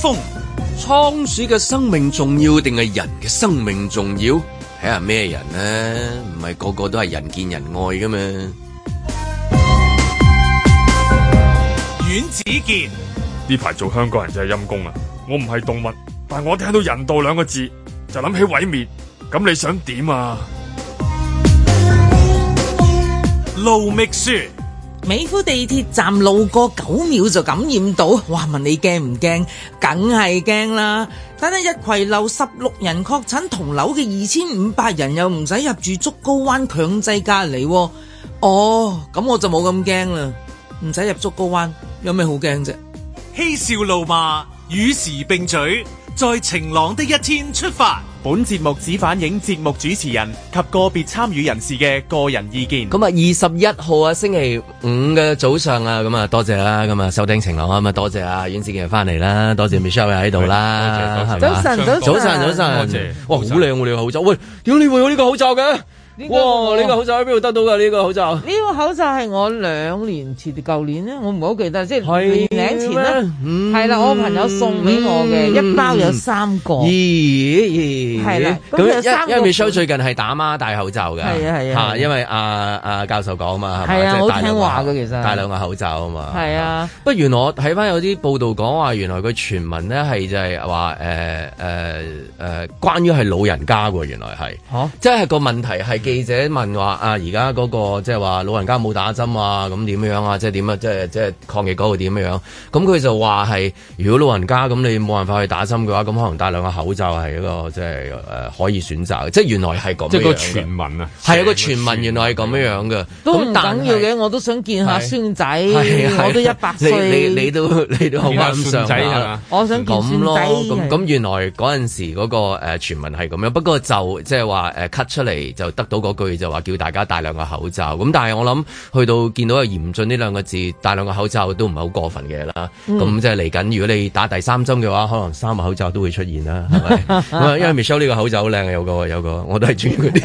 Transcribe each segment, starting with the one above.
倉鼠嘅生命重要定係人嘅生命重要？睇下咩人呢？唔係、啊、個個都係人見人愛噶嘛？阮子健，呢排做香港人真係陰功啊！我唔係動物，但係我聽到人道兩個字就諗起毀滅，咁你想點啊？路密書美孚地鐵站路過九秒就感染到，話問你驚唔驚？梗係驚啦！但係一葵樓十六人確診同樓嘅二千五百人又唔使入住竹篙灣強制隔離。哦，咁我就冇咁驚啦，唔使入竹篙灣，有咩好驚啫？嬉笑怒罵與時並舉。在晴朗的一天出發。本節目只反映節目主持人及個別參與人士嘅個人意見。咁啊，二十一號啊，星期五嘅早上啊，咁啊，多謝啦。咁啊，收聽晴朗啊，咁啊，多謝啊，袁子健翻嚟啦，多謝 Michelle 喺度啦。早晨，早晨，早晨，早晨。多謝。哇，好靚喎你個口罩，喂，點你會有呢個口罩嘅？哇！呢個口罩喺邊度得到噶？呢個口罩呢個口罩係我兩年前，舊年咧我唔好記得，即係年零前啦，係啦，我朋友送俾我嘅，一包有三個。咦？係啦，咁因為 Michelle 最近係打孖戴口罩嘅，係啊係啊，吓，因為阿阿教授講嘛，係嘛，係好聽話嘅，其實戴兩個口罩啊嘛，係啊。不如我睇翻有啲報道講話，原來個傳聞咧係就係話，誒誒誒，關於係老人家喎，原來係，即係個問題係。記者問話啊，而家嗰個即係話老人家冇打針啊，咁點樣樣啊？即係點啊？即係即係抗疫嗰度點樣？咁佢就話係如果老人家咁你冇辦法去打針嘅話，咁可能戴兩個口罩係一個即係誒、呃、可以選擇嘅，即係原來係咁，即係個傳聞啊，係啊對有個傳聞原來係咁樣樣嘅。都唔緊要嘅，但我都想見下孫仔，我都一百歲，你你你都你都好啱，孫仔我想見孫仔，咁咁原來嗰陣時嗰、嗰個誒傳聞係咁樣，不過就即係話誒 cut 出嚟就得到。嗰句就話叫大家戴兩個口罩，咁但係我諗去到見到有嚴峻呢兩個字，戴兩個口罩都唔係好過分嘅啦。咁、嗯、即係嚟緊，如果你打第三針嘅話，可能三個口罩都會出現啦，係咪？ 因為 Michelle 呢個口罩好靚啊，有個有個，我都係鍾意嗰啲。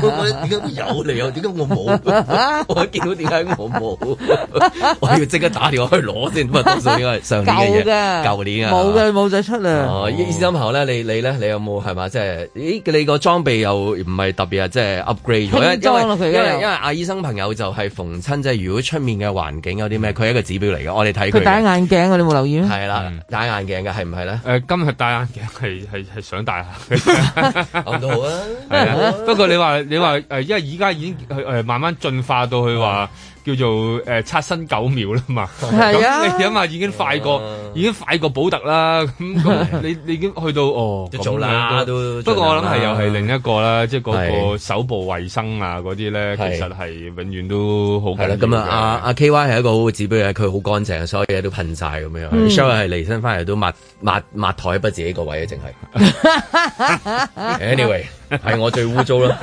點解有嚟？點解我冇？ 我見到點解我冇？ 我要即刻打電話去攞先。因為到時應該係上年嘅嘢，舊的年啊，冇嘅冇再出啦。醫生朋友咧，你你咧，你有冇係嘛？即係、就是，咦？你個裝備又唔係特別？即係 upgrade 咗，因為，因為，因，為因為阿醫生朋友就係逢親即係，如果出面嘅環境有啲咩，佢係一個指標嚟嘅。我哋睇佢戴眼鏡你冇留意咩？係啦、嗯，戴眼鏡嘅係唔係咧？今日戴眼鏡係想戴下都 好 啊，不過你話你話因為而家已經慢慢進化到去話 叫做誒、呃、刷新九秒啦嘛。 是啊，因為已經快過已經快過保特啦，咁咁你你已經去到哦，早啦都。不過我諗係又係另一個啦，即係個個手部衞生啊嗰啲咧，其實係永遠都好緊要嘅。係啦，咁啊，阿阿 K Y 係一個好嘅指標嘅，佢好乾淨，所有嘢都噴晒咁樣。Show 係離身翻嚟都抹抹抹枱畀自己個位啊，淨係。Anyway，係我最污糟啦，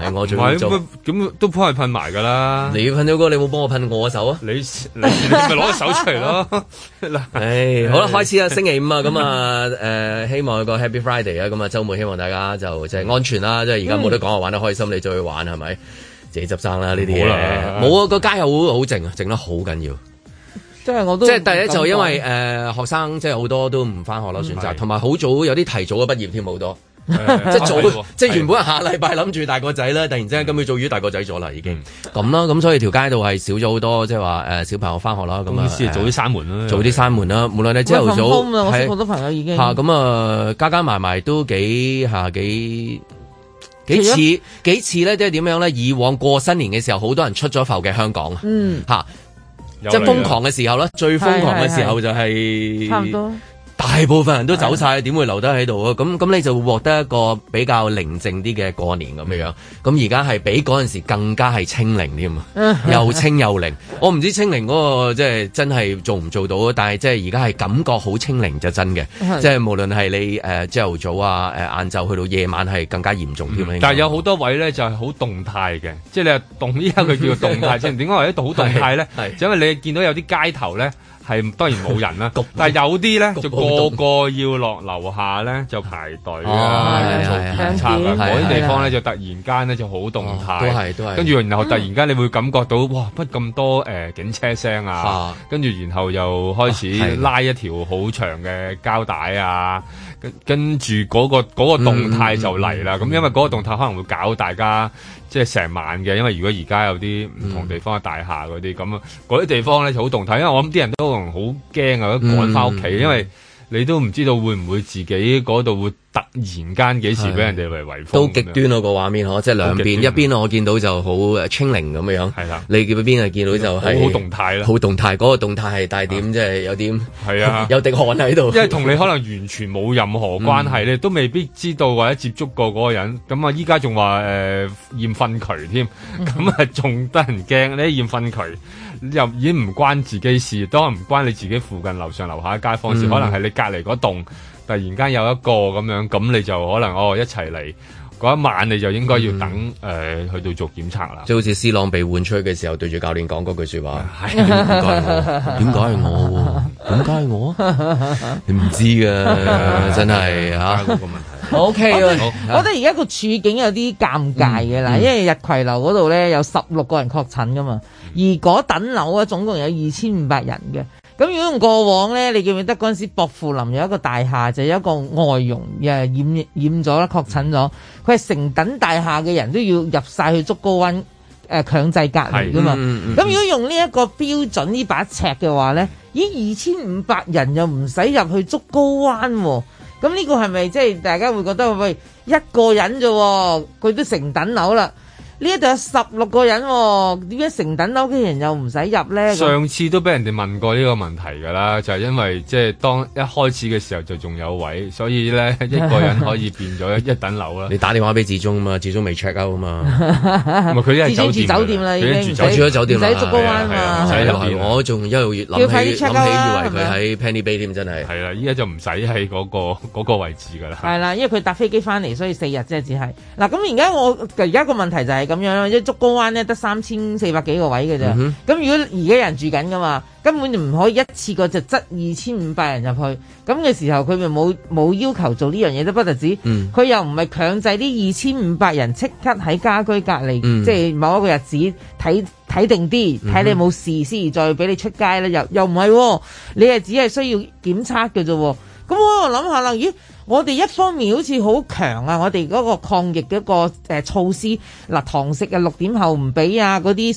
係我最污糟。咁都幫佢噴埋㗎啦。你要噴咗個，你冇幫我噴過我手啊？你你咪攞個手出嚟咯。 唉，好啦，開始啊，星期五啊，咁啊， 誒、呃，希望有個 Happy Friday 啊，咁啊，周末希望大家就即係安全啦，即係而家冇得講，我玩得開心，你再去玩係咪？自己執生啦，呢啲嘢，冇啊，有啊個街好好靜啊，靜得好緊要。即係我都即係第一就因為誒、呃、學生即係好多都唔翻學啦，是選擇同埋好早有啲提早嘅畢業添，好多。即係做，即係原本下禮拜諗住大個仔啦，突然之間咁去做魚大個仔咗啦，已經咁啦，咁所以條街度係少咗好多，即係話誒小朋友翻學啦，咁啊，早啲閂門啦，早啲閂門啦。無論你朝頭早喺好多朋友已經吓，咁啊，加加埋埋都幾吓幾幾次幾次咧，即係點樣咧？以往過新年嘅時候，好多人出咗埠嘅香港啊，吓，即係瘋狂嘅時候咧，最瘋狂嘅時候就係差唔多。大部分人都走晒，點的會留得喺度啊？咁咁你就會獲得一個比較寧靜啲嘅過年咁樣樣。咁而家係比嗰陣時更加係清零添啊， 又清又零。我唔知清零嗰、那個即係、就是、真係做唔做到，但係即係而家係感覺好清零就真嘅。即係的無論係你誒朝頭早啊、誒晏晝去到夜晚係更加嚴重添、嗯、但係有好多位咧就係好動態嘅，即係你話動，依家佢叫做動態，即係點解為咗好動態咧？係因為你見到有啲街頭咧。係當然冇人啦、啊， 但有啲咧就個個要落樓下咧就排隊啊，哦、做檢查嗰啲地方咧是就突然間咧就好動態，哦、跟住然後突然間你會感覺到、啊、哇乜咁多、呃、警車聲啊，啊跟住然後又開始拉一條好長嘅膠帶啊。啊。跟跟住嗰，那個嗰，那個動態就嚟啦，咁，嗯嗯嗯，因為嗰個動態可能會搞大家即係成晚嘅，因為如果而家有啲唔同地方嘅大廈嗰啲咁啊，嗰啲，嗯、地方咧就好動態，因為我諗啲人都可能好驚啊，趕翻屋企，嗯嗯，因為你都唔知道會唔會自己嗰度會突然間幾時俾人哋為圍封？都極端嗰個畫面呵，啊、即係兩邊，一邊我見到就好清零咁樣。的你啦，你邊邊啊？見到就係好動態啦，好動態。嗰、嗰個動態係帶的點即係有啲係啊，的 有滴汗喺度。因為同你可能完全冇任何關係你，嗯、都未必知道或者接觸過嗰個人。咁啊，依家仲話誒驗糞渠添，咁啊仲得人驚呢驗糞渠。嗯又已經唔關自己事，都係唔關你自己附近樓上樓下街坊事。嗯、可能係你隔離嗰棟突然間有一個咁樣，咁你就可能哦一齊嚟。嗰一晚你就應該要等誒去到做檢測啦，即係好似 C 朗被換出嘅時候對住教練講嗰句説話，係點解係我？點解係我？點解係我？你唔知噶，真係嚇嗰個問題。OK，我覺得而家個處境有啲尷尬嘅啦，因為日葵樓嗰度咧有十六個人確診噶嘛，而嗰等樓啊，總共有二千五百人嘅。咁如果用過往咧，你記唔記得嗰陣時薄扶林有一個大廈就有、是、一個外傭誒染染咗啦，確診咗，佢係成等大廈嘅人都要入晒去竹篙灣誒、呃、強制隔離噶嘛。咁、嗯嗯、如果用呢一個標準一把一呢把尺嘅話咧，咦，二千五百人又唔使入去竹篙灣喎、啊。咁呢個係咪即係大家會覺得喂一個人咋喎，佢都成等樓啦？呢度有十六個人，點解成等樓嘅人又唔使入咧？上次都俾人哋問過呢個問題㗎啦，就係因為即係當一開始嘅時候就仲有位，所以咧一個人可以變咗一等樓啦。你打電話俾志中啊嘛，志中未 check out 啊嘛，唔係佢一係酒店啦，已經住咗酒店啦，啊，又係我仲一路諗起諗起以為佢喺 Penny Bay 添，真係係啦，依家就唔使喺嗰個位置㗎啦。係啦，因為佢搭飛機翻嚟，所以四日啫，只係嗱咁。而家我而家個問題就係。咁樣一竹篙灣咧得三千四百幾個位嘅啫。咁、mm hmm. 如果而家人在住緊噶嘛，根本就唔可以一次過就擠二千五百人入去。咁嘅時候，佢咪冇冇要求做呢樣嘢都不得止。佢、mm hmm. 又唔係強制啲二千五百人即刻喺家居隔離，mm hmm. 即係某一個日子睇睇定啲，睇你冇事先再俾你出街咧。又又唔係、哦，你係只係需要檢測嘅啫。咁我諗下啦，咦？我哋一方面好似好強啊！我哋嗰個抗疫嘅一個、呃、措施，嗱、啊、堂食啊六點後唔俾啊嗰啲，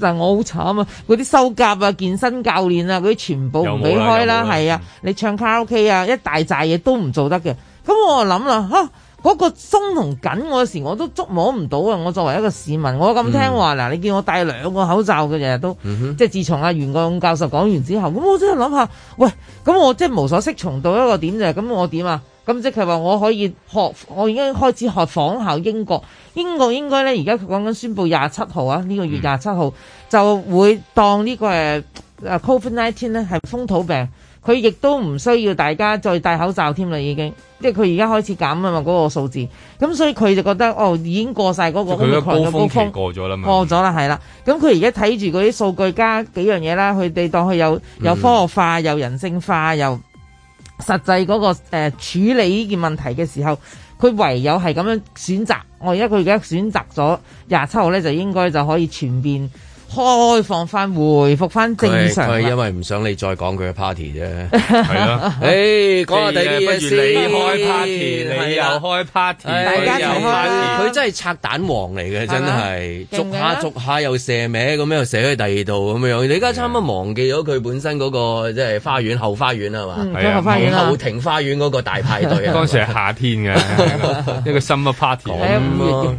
嗱我好慘啊！嗰啲、 啊、修甲啊、健身教練啊嗰啲全部唔俾開啦、啊，係啊！你唱卡拉 OK 啊，一大扎嘢都唔做得嘅。咁、嗯嗯嗯、我諗啦吓，嗰個鬆同緊我時我都捉摸唔到啊！我作為一個市民，我咁聽話嗱，嗯、你見我戴兩個口罩嘅日日都，嗯、哼即係自從阿袁國勇教授講完之後，咁我真係諗下，喂，咁我即係無所適從到一個點就係咁，我點啊？咁即係話我可以學我已經開始學仿效英國英國應該咧，而家佢講緊宣布廿七號啊，呢個月廿七號就會當呢個誒誒 Covid Nineteen 咧係風土病，佢亦都唔需要大家再戴口罩添啦，已經即係佢而家開始減啊嘛，嗰個數字。咁所以佢就覺得哦，已經過晒嗰個瘋狂嘅高峯。高過咗啦嘛。是是過咗啦，係啦。咁佢而家睇住嗰啲數據加幾樣嘢啦，佢哋當佢有有科學化又人性化又。有實際嗰個誒處理呢件問題嘅時候，佢唯有係咁樣選擇。我而家，佢而家選擇咗廿七號咧，就應該就可以全面。開放翻，回復翻正常。係因為唔想你再講佢嘅 party 啫，係咯。誒，講下第二嘅事。不如你開 party，你又開 party，大家有 party。佢真係拆彈王嚟嘅，真係。逐下逐下又射名，咁樣又射去第二度，咁樣。你而家差唔多忘記咗佢本身嗰個即係花園後花園啦，係嘛？係啊，後庭花園嗰個大派對。當時係夏天嘅，一個 summer party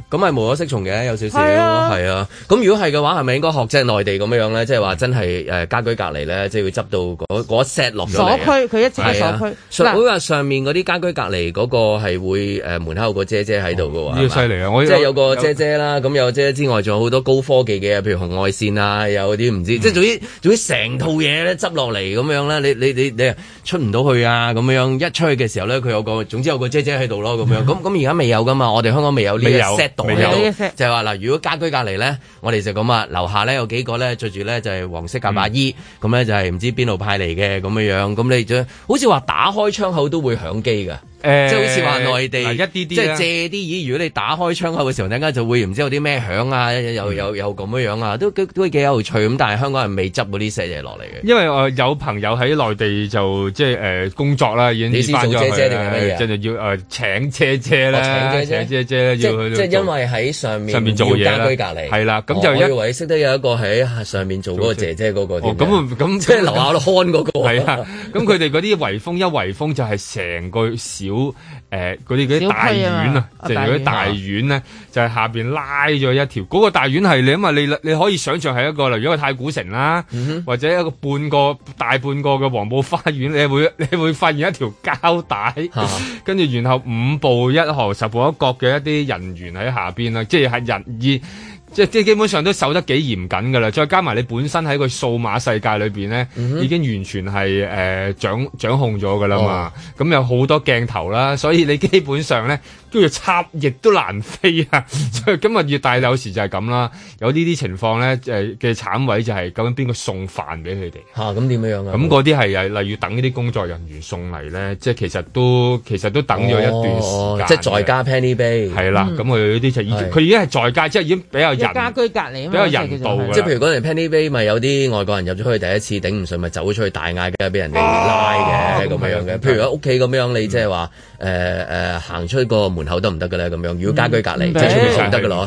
咁係無所適從嘅，有少少。係啊。咁如果係嘅話係咪應該？學即係內地咁樣咧，即係話真係誒、呃、家居隔離咧，即、就、係、是、要執到嗰嗰 set 落咗嚟。鎖區佢一次鎖區。嗱，啊、鎖會話上面嗰啲家居隔離嗰個係會誒、呃、門口有個姐姐喺度嘅話，好犀利啊！即係吧有，有個姐姐啦，咁有，有姐之外，仲有好多高科技嘅，譬如紅外線啊，有啲唔知，即係、嗯、總之總之成套嘢咧執落嚟咁樣咧，你你你你出唔到去啊咁樣，一出去嘅時候咧，佢有個總之有個姐姐喺度咯咁樣。咁咁而家未有㗎嘛，我哋香港未有呢 set 袋，就係話嗱，如果家居隔離咧，我哋就咁啊，樓下。有幾個呢著住呢就係黃色夾白衣，咁呢就係唔知邊度派嚟嘅咁樣樣，咁你就好似話打開窗口都會響機㗎。誒，即係好似話內地一啲啲，即係借啲耳。如果你打開窗口嘅時候，突然間就會唔知有啲咩響啊，又又又咁樣樣啊，都都都幾有趣咁。但係香港人未執嗰啲西嘢落嚟嘅，因為我有朋友喺內地就即係誒工作啦，已經做姐姐定係乜嘢，就要誒請姐姐啦請姐姐咧，即係即因為喺上面做嘢，家居隔離係啦，咁就以為識得有一個喺上面做嗰個姐姐嗰個咁咁即係樓下看嗰個係啊，咁佢哋嗰啲圍封一圍封就係成個小誒嗰啲啲大院啊，即係啲大院咧，就係、是、下邊拉咗一條，嗰、那個大院係你因為，你你可以想象係一個例如一個太古城啦，嗯、哼或者一個半個大半個嘅黃埔花園，你會你會發現一條膠帶，跟住、啊、然後五步一河十步一角嘅一啲人員喺下邊啦，即係係人意。即係基基本上都守得幾嚴謹嘅啦，再加埋你本身喺個數碼世界裏邊咧，嗯、哼已經完全係誒、呃、掌掌控咗嘅啦嘛。咁、哦、有好多鏡頭啦，所以你基本上咧都要插翼都難飛啊。所以今日越大有時就係咁啦，有呢啲情況咧誒嘅慘位就係、是、究竟邊個送飯俾佢哋吓？咁點樣樣啊？咁嗰啲係誒例如等呢啲工作人員送嚟咧，即係其實都其實都等咗一段時間、哦，即係在加 Penny Bay 係啦。咁佢有啲就已經佢已經係在加，即係已經比較。家居隔離比較人道嘅，即係譬如嗰陣 Penny Bay 咪有啲外國人入咗去第一次頂唔順，咪走出去大嗌嘅，俾人哋拉嘅咁樣嘅。譬如喺屋企咁樣，你即係話誒誒行出個門口得唔得嘅咧？咁樣，如果家居隔離即係出去行得嘅咯，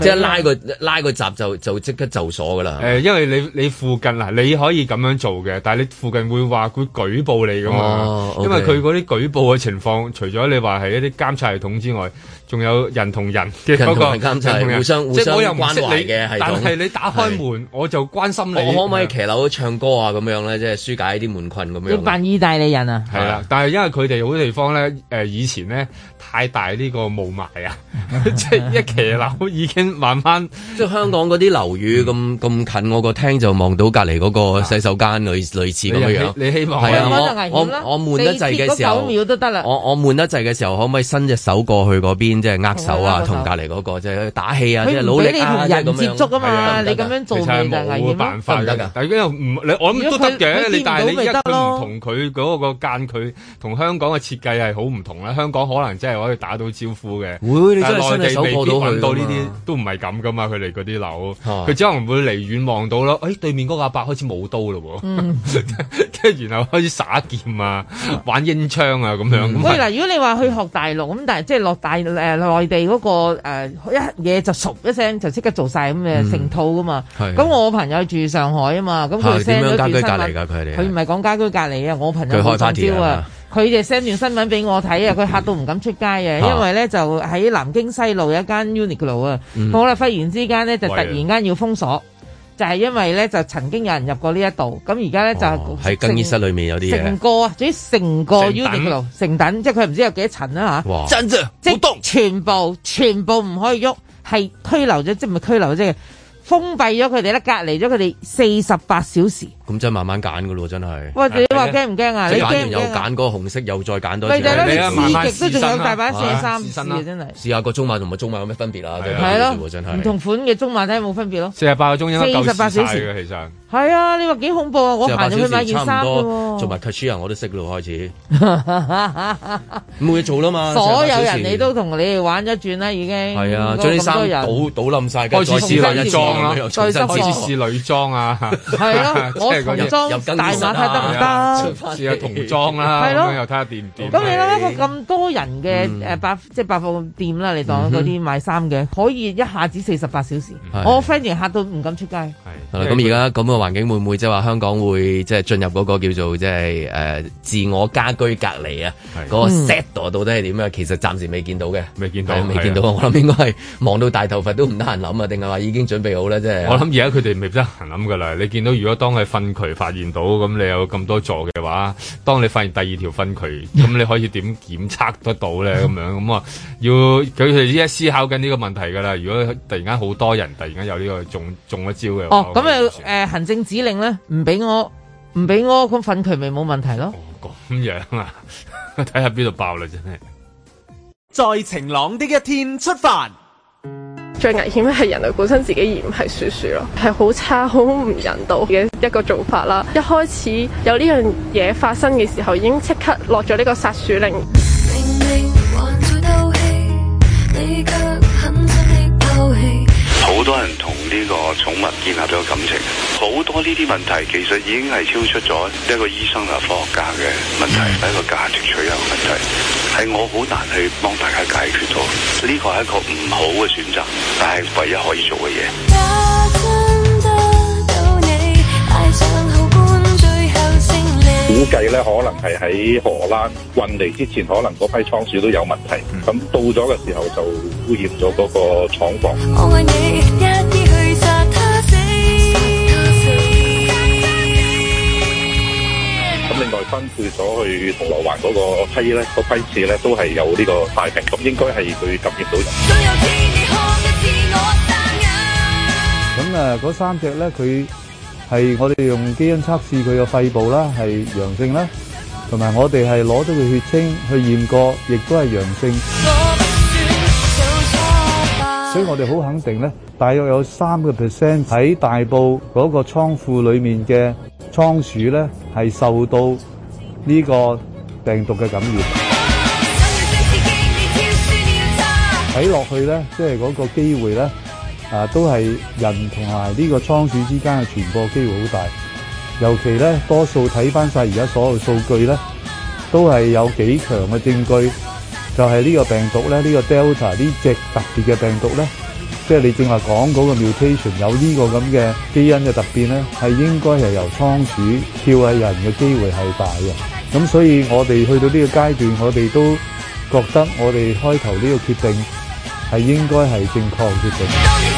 即係拉個拉個閘就就即刻就鎖嘅啦。誒，因為你你附近嗱，你可以咁樣做嘅，但係你附近會話佢舉報你嘅嘛，因為佢嗰啲舉報嘅情況，除咗你話係一啲監察系統之外。仲有人同人、那個，即係人同人交際，互相即是互有關懷，嘅但係你打開門的我就關心你。我可唔可以騎樓唱歌啊？咁樣咧，即係疏解啲悶困咁樣。一班意大利人啊，係啦的，的但係因為佢哋好多地方咧，誒以前咧。太大呢個霧霾啊！即 係一騎樓已經慢慢，即係香港嗰啲樓宇咁咁近，我個廳就望到隔離嗰個洗手間類似咁樣樣、啊。你希望係啊？我我悶得滯嘅時，時候，我我悶得滯嘅時候，可唔可以伸隻手過去嗰邊，即係握手啊，同隔離嗰個即係打氣啊？即係努力。佢俾你同人接觸啊嘛！樣你咁樣做冇辦法得㗎。如果但係又唔你我都得嘅。你但係你一佢唔同佢嗰個間距，同香港嘅設計係好唔同啦。香港可能真係。可以打到招呼嘅，但係內地未啲聞到呢啲都唔係咁噶嘛，佢哋嗰啲樓，佢只能會離遠望到咯。哎，對面嗰個阿伯開始舞刀嘞喎，跟住然後開始耍劍啊，玩英槍啊咁樣。喂，嗱，如果你話去學大陸咁，但係即係落大誒內地嗰個一嘢就熟一聲就即刻做晒咁嘅成套噶嘛。咁我朋友住上海啊嘛，咁佢家居隔離㗎。佢唔係講家居隔離啊，我朋友佢開翻招啊。佢哋 send 段新聞俾我睇啊！佢嚇到唔敢出街啊！因為咧就喺南京西路有一間 Uniqlo 啊、嗯，好啦，忽然之間咧就突然間要封鎖，的就係因為咧就曾經有人入過呢一度，咁而家咧就喺、哦、更衣室裏面有啲嘢，成個啊，總之成個 Uniqlo 成等，等，即係佢唔知有幾多層啦嚇，真㗎哇，即係全部全部唔可以喐，係拘留咗，即係咪拘留即封閉咗佢哋咧，隔離咗佢哋四十八小時。咁真係慢慢揀㗎咯，真係。喂，你話驚唔驚啊？你揀完又揀嗰個紅色，又再揀多次。係咯，試極都仲有大把四十三嘅，真係。試下個中碼同埋中碼有咩分別啊？係咯，真係唔同款嘅中碼睇下有冇分別咯。四十八個鐘先，四十八小時。係啊！你話幾恐怖啊！我行咗去買件衫，做埋 cashier，我都識路開始冇嘢做啦嘛。所有人你都同你哋玩咗轉啦，已經係啊！將啲衫倒倒冧晒，開始試女裝啦，再開始試女裝啊！係咯，我童裝大碼睇得唔得？試下童裝啦，係咯，又睇下掂唔掂。咁你諗一個咁多人嘅誒百即係百貨店啦，你當嗰啲買衫嘅，可以一下子四十八小時。我 friend 嚇到唔敢出街。係啦，咁而家咁環境會唔會即係話香港會即係進入嗰個叫做即係誒自我家居隔離啊？嗰的個 set 度到底係點啊？其實暫時未見到嘅，未見到的，未見到。的我諗應該係望到大頭佛都唔得閒諗啊，定係話已經準備好咧？即係我諗而家佢哋未得閒諗噶啦。你見到如果當係糞渠發現到咁，你有咁多座嘅話，當你發現第二條糞渠，咁你可以點檢測得到咧？咁 樣咁啊，要佢哋依家思考緊呢個問題噶啦。如果突然間好多人突然間有呢、這個中中一招嘅，咁啊誒行政指令咧，唔俾我唔俾我咁糞佢咪冇問題咯。哦咁樣啊，睇下邊度爆啦真係。在晴朗的一天出發，最危險嘅係人類本身自己而唔係鼠鼠咯，係好差好唔人道嘅一個做法啦。一開始有呢樣嘢發生嘅時候，已經即刻落咗呢個殺鼠令。 好多人同呢個寵物建立咗感情，好多呢啲問題其實已經係超出咗一個醫生呀科學家嘅問題，係一個價值取向嘅問題，係我好難去幫大家解決到。呢個係一個唔好嘅選擇，但係唯一可以做嘅嘢。估計咧可能係喺荷蘭運嚟之前，可能嗰批倉鼠都有問題，咁到咗嘅時候就污染咗嗰個廠房。咁另外分配咗去銅鑼灣嗰個批咧，個批次咧都係有呢個大病毒，咁應該係佢感染到人。咁啊，嗰三隻咧佢。係我哋用基因測試佢嘅肺部啦，係陽性啦，同埋我哋係攞咗佢血清去驗過，亦都係陽性。所以我哋好肯定咧，大約有三個 percent 喺大埔嗰個倉庫裏面嘅倉鼠咧，係受到呢個病毒嘅感染。睇落去咧，即係嗰個機會咧。啊，都係人同埋呢個倉鼠之間嘅傳播機會好大，尤其咧，多數睇翻晒而家所有數據咧，都係有幾強嘅證據，就係呢個病毒咧，呢個 Delta 呢隻特別嘅病毒咧，即係你正話講嗰個 mutation 有呢個咁嘅基因嘅突變咧，係應該係由倉鼠跳喺人嘅機會係大嘅，咁所以我哋去到呢個階段，我哋都覺得我哋開頭呢個決定係應該係正確嘅決定。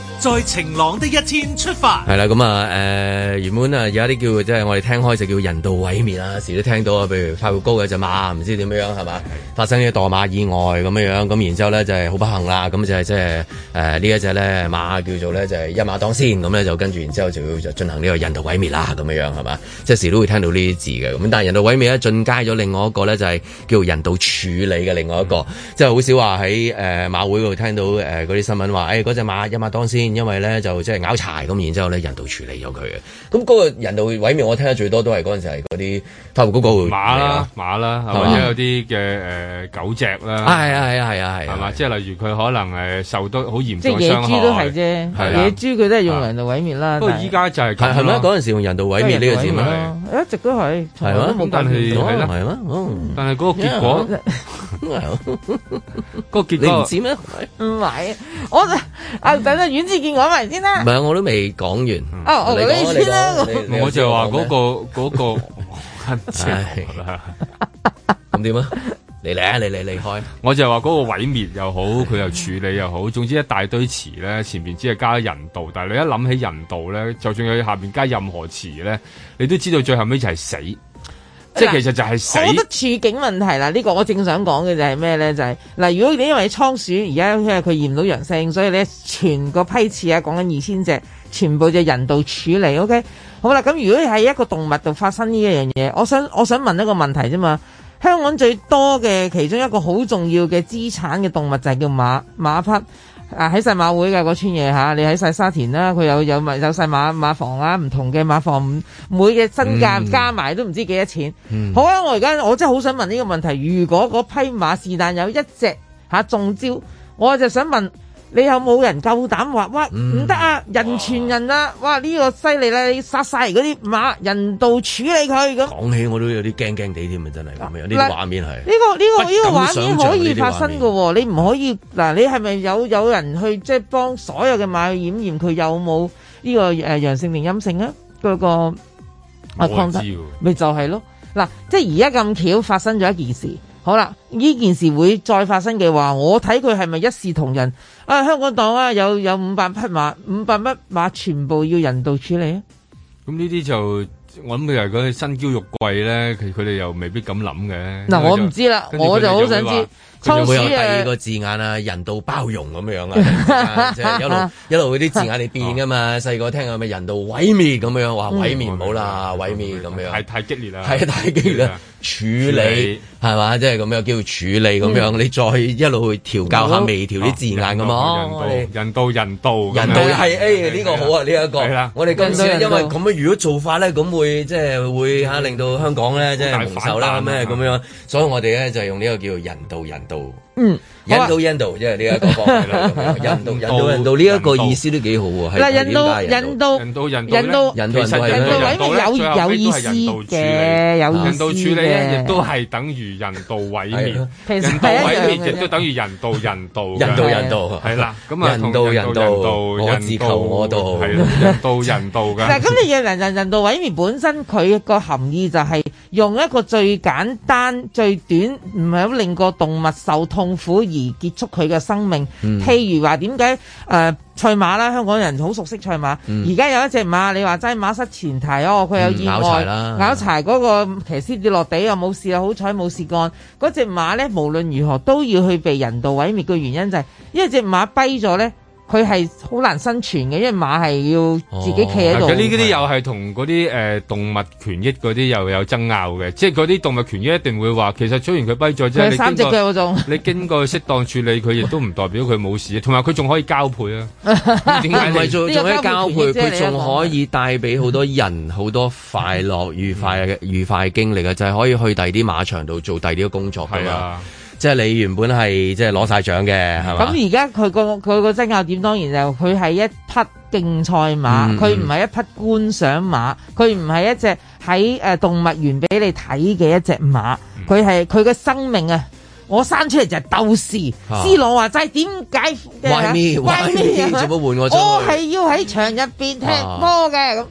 在晴朗的一天出發。係啦，咁啊，誒、呃、原本啊，有一啲叫即係我哋聽開就叫人道毀滅啊，時都聽到啊，譬如快活高嘅隻馬，唔知點樣係嘛，發生呢啲墮馬意外咁樣樣，咁然之後咧就係、是、好不幸啦，咁就係即係誒呢一隻咧馬叫做咧就係、是、一馬當先，咁咧就跟住然之後就要就進行呢個人道毀滅啦，咁樣樣係嘛，即係時都會聽到呢啲字嘅。咁但係人道毀滅咧進階咗另外一個咧就係、是、叫人道處理嘅另外一個，即係好少話喺誒馬會嗰度聽到誒嗰啲新聞話，誒嗰隻馬一馬當先。因為咧就即係拗柴咁，然之後咧人道處理咗佢嘅。咁嗰個人道毀滅，我聽得最多都係嗰陣時係嗰啲包括嗰個馬啦，馬啦，或者有啲嘅誒狗隻啦。係啊係啊係啊係。係嘛，即係例如佢可能係受到好嚴重。即係野豬都係啫，野豬佢都係用人道毀滅啦。不過依家就係係係咩？嗰陣時用人道毀滅呢個字一直都係。係但係係但係嗰個結果個結果你唔知咩？唔係，我啊等見我咪先啦、啊，唔係我都未講完。哦、嗯，我嘅意思先啦，說說我就話嗰、嗰個嗰、嗰個黑咁點啊？嚟嚟嚟嚟，離開、啊。我就話嗰個毀滅又好，佢又處理又好，總之一大堆詞咧，前面只係加咗人道，但係你一諗起人道咧，就算佢下邊加任何詞咧，你都知道最後尾就係死。即係其實就係得處境問題啦！呢個我正想講嘅就係咩呢？就係嗱，如果你因為倉鼠而家因為佢驗到陽性，所以呢全個批次啊，講緊二千隻全部就人道處理。OK，好啦，咁如果喺一個動物度發生呢一樣嘢，我想我想問一個問題啫嘛。香港最多嘅其中一個好重要嘅資產嘅動物就係叫馬馬匹。啊！喺細馬會嘅嗰、那個、村嘢你喺細沙田啦，佢有有咪有細馬馬房啦，唔同嘅馬房每嘅身價加埋都唔知幾多錢。嗯嗯、好啊，我而家我真係好想問呢個問題，如果嗰批馬是但有一隻嚇中招，我就想問。你有冇人夠膽話？哇，唔得、嗯、啊！人傳人啦、啊，哇！呢、這個犀利啦，你殺曬嗰啲馬，人道處理佢咁。講起我都有啲驚驚地添啊！真係啱唔啱？呢畫面係呢個呢個呢個畫面可以發生㗎喎，你唔可以嗱，你係咪有有人去即係、就是、幫所有嘅馬掩驗佢有冇呢、這個誒、呃、陽性定陰性呢、那個、account, 啊？嗰個啊，抗體咪就係咯。嗱，即係而家咁巧發生咗一件事。好啦，呢件事會再發生嘅話，我睇佢係咪一視同仁？啊，香港黨啊，有有五百匹馬，五百匹馬全部要人道處理啊？咁呢啲就我諗佢係嗰啲身嬌肉貴咧，佢佢哋又未必咁諗嘅。嗱，我唔知啦，我就好想知，會唔會有第二個字眼啊？人道包容咁樣啊？即係一路一路嗰啲字眼嚟變噶嘛？細個聽下咪人道毀滅咁樣話毀滅唔好啦，毀滅咁樣，係太激烈啦，係太激烈啦。處理係嘛，即係咁樣叫處理咁樣，你再一路去調教下微調啲字眼咁樣！人道人道人道，係，誒呢個好啊！呢一個，我哋今次因為咁樣如果做法咧，咁會即係會嚇令到香港咧，即係蒙受啦咩咁樣，所以我哋咧就用呢個叫做人道人道。嗯，人道人道，即係呢一個方面啦。人道人道呢一個意思都幾好喎，係了解人道。人道人道人道人道人道毀滅有有意思嘅，有人道處理咧，亦都係等於人道毀滅。人道毀滅亦都等於人道人道人道人道係啦。咁啊，人道人道我自求我道係啦。人道人道噶。嗱，咁你人人人道毀滅本身佢一個含義就係。用一個最簡單、最短，唔係令個動物受痛苦而結束佢嘅生命。嗯、譬如話點解誒賽馬啦，香港人好熟悉賽馬。而家、嗯、有一隻馬，你話齋馬失前蹄哦，佢有意外，拗、嗯、柴啦，拗柴嗰個騎師跌落地又冇事啦，好彩冇事幹。嗰隻馬呢，無論如何都要去被人道毀滅嘅原因就係、是，因為隻馬跛咗呢。佢係好難生存嘅，因為馬係要自己企喺度。呢啲、哦、又係同嗰啲誒動物權益嗰啲又有爭拗嘅，的即係嗰啲動物權益一定會話，其實雖然佢跛咗，即係三隻腳嗰種你，你經過適當處理，佢亦都唔代表佢冇事，同埋佢仲可以交配啊！唔係唔係，仲仲喺交配，佢仲 可以帶俾好多人好 多快樂愉快愉快經歷啊。就係、是、可以去第二啲馬場度做第二啲工作。即係你原本係即係攞晒獎嘅，係咪咁？而家佢個佢個爭拗點？當然就佢係一匹競賽馬，佢唔係一匹觀賞馬，佢唔係一隻喺誒動物園俾你睇嘅一隻馬，佢係佢嘅生命啊！我生出嚟就係鬥士，啊、斯羅華係點解？為咩？為咩？做乜換我做？我係要喺場入邊踢波嘅咁。啊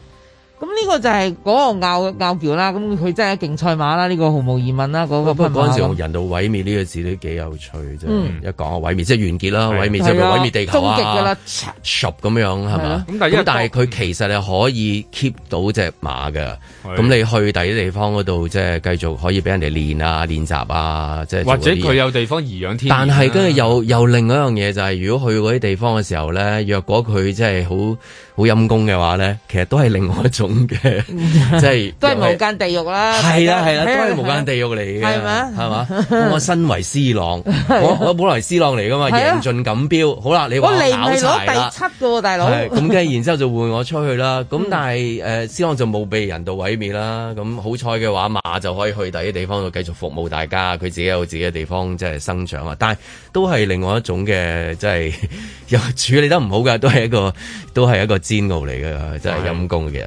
咁呢個就係嗰個拗拗撬啦，咁佢真係競賽馬啦，呢個毫無疑問啦，嗰個不過嗰陣時用人道毀滅呢個字都幾有趣啫，一講毀滅即係完結啦，毀滅即係毀滅地球啊，終極㗎啦，殺咁樣係嘛？咁但係佢其實係可以 keep 到隻馬嘅。咁你去第啲地方嗰度，即係繼續可以俾人哋練啊、練習啊，即或者佢有地方頤養天。但係跟住又又另一樣嘢就係，如果去嗰啲地方嘅時候咧，若果佢即係好好陰功嘅話咧，其實都係另外一種。嘅，即係都係無間地獄啦，係啦係啦，都係無間地獄嚟嘅，係嘛？係嘛？我身為師朗，啊、我我本來師朗嚟噶嘛，啊、贏盡錦標，好啦，你話攪我你唔係攞第七嘅喎，大佬，咁跟住然之後就換我出去啦。咁但係誒師朗就冇被人道毀滅啦。咁好彩嘅話，馬就可以去第啲地方度繼續服務大家，佢自己有自己嘅地方即係、就是、生長啊。但係都係另外一種嘅，即、就、係、是、又處理得唔好嘅，都係一個都係一個煎熬嚟嘅，真係陰功嘅。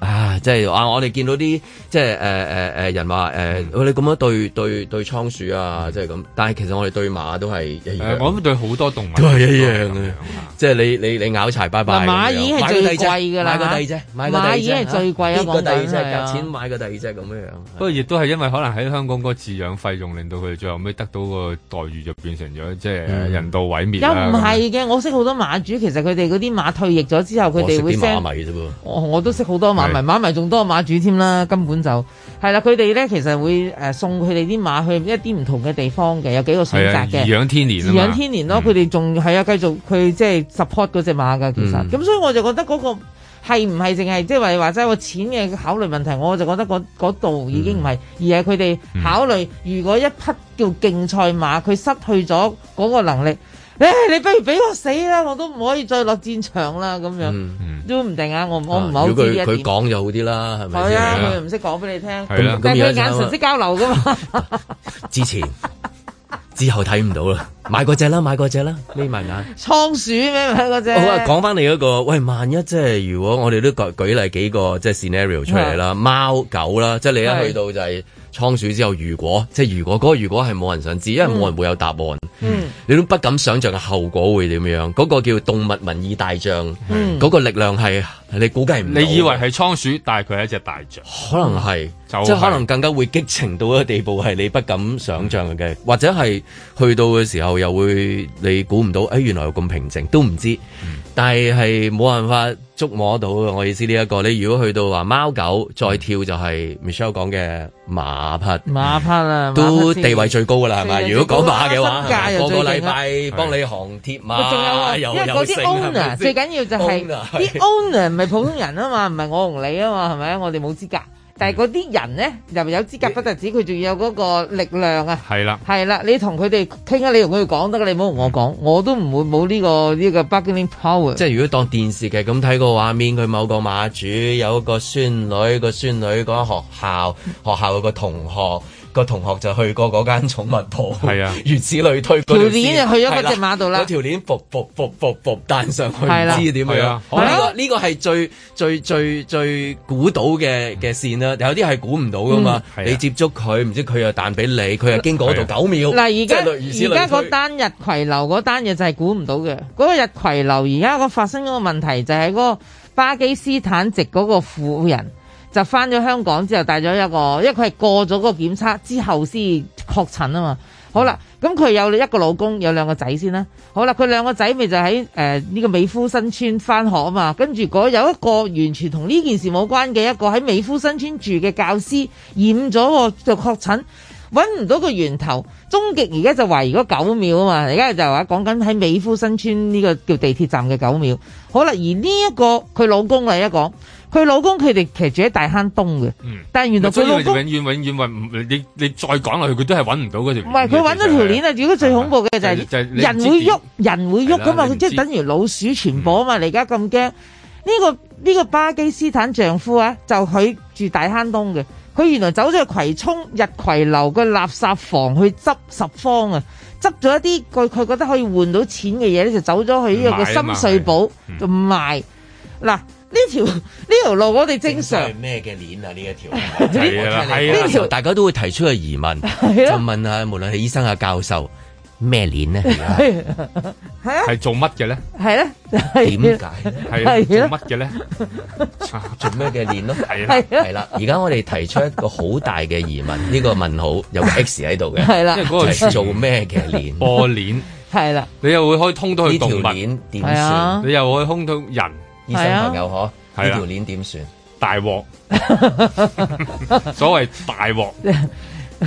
啊，即係我哋見到啲即係誒誒誒人話誒，你咁樣對對對倉鼠啊，即係咁。但係其實我哋對馬都係一樣。我諗對好多動物都係一樣嘅，即係你你你咬柴拜拜。馬耳係最貴㗎啦，買個第二隻，馬耳係最貴買個第二隻，有錢買個第二隻咁樣。不過亦都係因為可能喺香港個飼養費用令到佢最後尾得到個待遇就變成咗即係人道毀滅。又唔係嘅，我識好多馬主，其實佢哋嗰啲馬退役咗之後，佢哋會。我我都識好多馬。埋買埋仲多馬主添啦，根本就係啦。佢哋咧其實會、呃、送佢哋啲馬去一啲唔同嘅地方嘅，有幾個選擇嘅。養天年，養天年咯。佢哋仲係啊，繼續佢即係 support 嗰隻馬㗎。其實咁，嗯、所以我就覺得嗰個係唔係淨係即係話話齋個錢嘅考慮問題，我就覺得嗰嗰度已經唔係，嗯、而係佢哋考慮如果一匹叫競賽馬，佢失去咗嗰個能力。誒、哎，你不如俾我死啦，我都唔可以再落戰場啦，咁樣、嗯嗯、都唔定啊，我我唔係好。如果佢佢講就好啲啦，係咪先？係啊，佢、啊、又唔識講俾你聽，係啊、但係佢眼神識交流噶嘛。 之前。 之後睇唔到啦，買嗰隻啦，買嗰隻啦，眯埋眼。倉 鼠咩？買嗰隻。好啊，講翻你嗰個，喂，萬一即係如果我哋都舉舉例幾個即係 scenario 出嚟啦，貓的狗啦，即係你一去到就係倉鼠之後，如果的即係如果嗰、那個如果係冇人想知，因為冇人會有答案，嗯嗯、你都不敢想象嘅後果會點樣。嗰、那個叫動物民意大象，嗰、嗯、個力量係你估計唔到。你以為係倉鼠，但係佢係一隻大象，可能係。即係可能更加會激情到一個地步，係你不敢想象嘅，或者係去到嘅時候又會你估唔到，誒，原來又咁平靜，都唔知。但係係冇辦法捉摸到嘅。我意思呢一個，你如果去到話貓狗再跳，就係 Michelle 講嘅馬匹，馬匹啊，都地位最高噶啦，係咪？如果講馬嘅話，個禮拜幫你航鐵馬，仲有，因為嗰啲 owner 最緊要就係啲 owner 唔係普通人啊嘛，唔係我同你啊嘛，係咪？我哋冇資格。但係嗰啲人咧，又有資格不得止，佢仲要有嗰個力量啊！係啦，係啦，你同佢哋傾下，你同佢哋講得㗎，你唔好同我講，我都唔會冇呢、呢個呢、呢個 bargaining power。即係如果當電視劇咁睇個畫面，佢某個馬主有一個孫女，個孫女講學校，學校有個同學。 個同學就去過嗰間寵物鋪，係啊，如此類推。條鏈就去咗嗰隻馬度啦，條鏈伏伏伏伏伏彈上去，係啦知點樣？呢個呢個係最最最最估到嘅嘅線啦，有啲係估唔到噶嘛。你接觸佢，唔知佢又彈俾你，佢又經過嗰度九秒。嗱，而家而家嗰單日葵流嗰單嘢就係估唔到嘅。嗰、那個、日葵流而家個發生嗰個問題就係嗰個巴基斯坦籍嗰個富人。就翻咗香港之後，帶咗一個，因為佢係過咗個檢測之後先確診啊嘛。好啦，咁佢有一個老公，有兩個仔先啦。好啦，佢兩個仔咪就喺誒呢個美孚新村翻學啊嘛。跟住嗰有一個完全同呢件事冇關嘅一個喺美孚新村住嘅教師驗咗就確診，揾唔到個源頭，終極而家就懷疑嗰九秒啊嘛。而家就話講緊喺美孚新村呢個叫地鐵站嘅九秒。好啦，而呢、這個、一個佢老公嚟一講。佢老公佢哋其實住喺大坑東嘅，嗯、但係原來佢老公永遠永遠唔你你再講落去佢都係揾唔到嗰條。唔係佢揾咗條鏈啊！就是、如果最恐怖嘅就係人會喐、就是就是、人會喐咁啊！嘛即係等於老鼠傳播啊嘛！嗯、你而家咁驚呢個呢、呢個巴基斯坦丈夫啊，就佢住大坑東嘅，佢原來走咗去葵涌日葵樓嘅垃圾房去執拾荒啊，執咗一啲佢佢覺得可以換到錢嘅嘢咧，就走咗去呢個深水埗就賣嗱。嗯呢條呢條路我哋正常咩嘅鏈啊？呢一條呢條，大家都會提出個疑問，就問下無論係醫生啊、教授、什麼、啊什麼呢，咩鏈咧？係啊，係做乜嘅咧？係啊，點解？係做乜嘅咧？做咩嘅鏈咯？係係啦。而家我哋提出一個好大嘅疑問，呢個問號有個 X 喺度嘅，係啦，即係個做咩嘅鏈？個鏈係啦，你又會可以通到去動物？點啊？你又可以通到人？醫生朋友，嗬，呢條鏈點算？大鑊，所謂大鑊，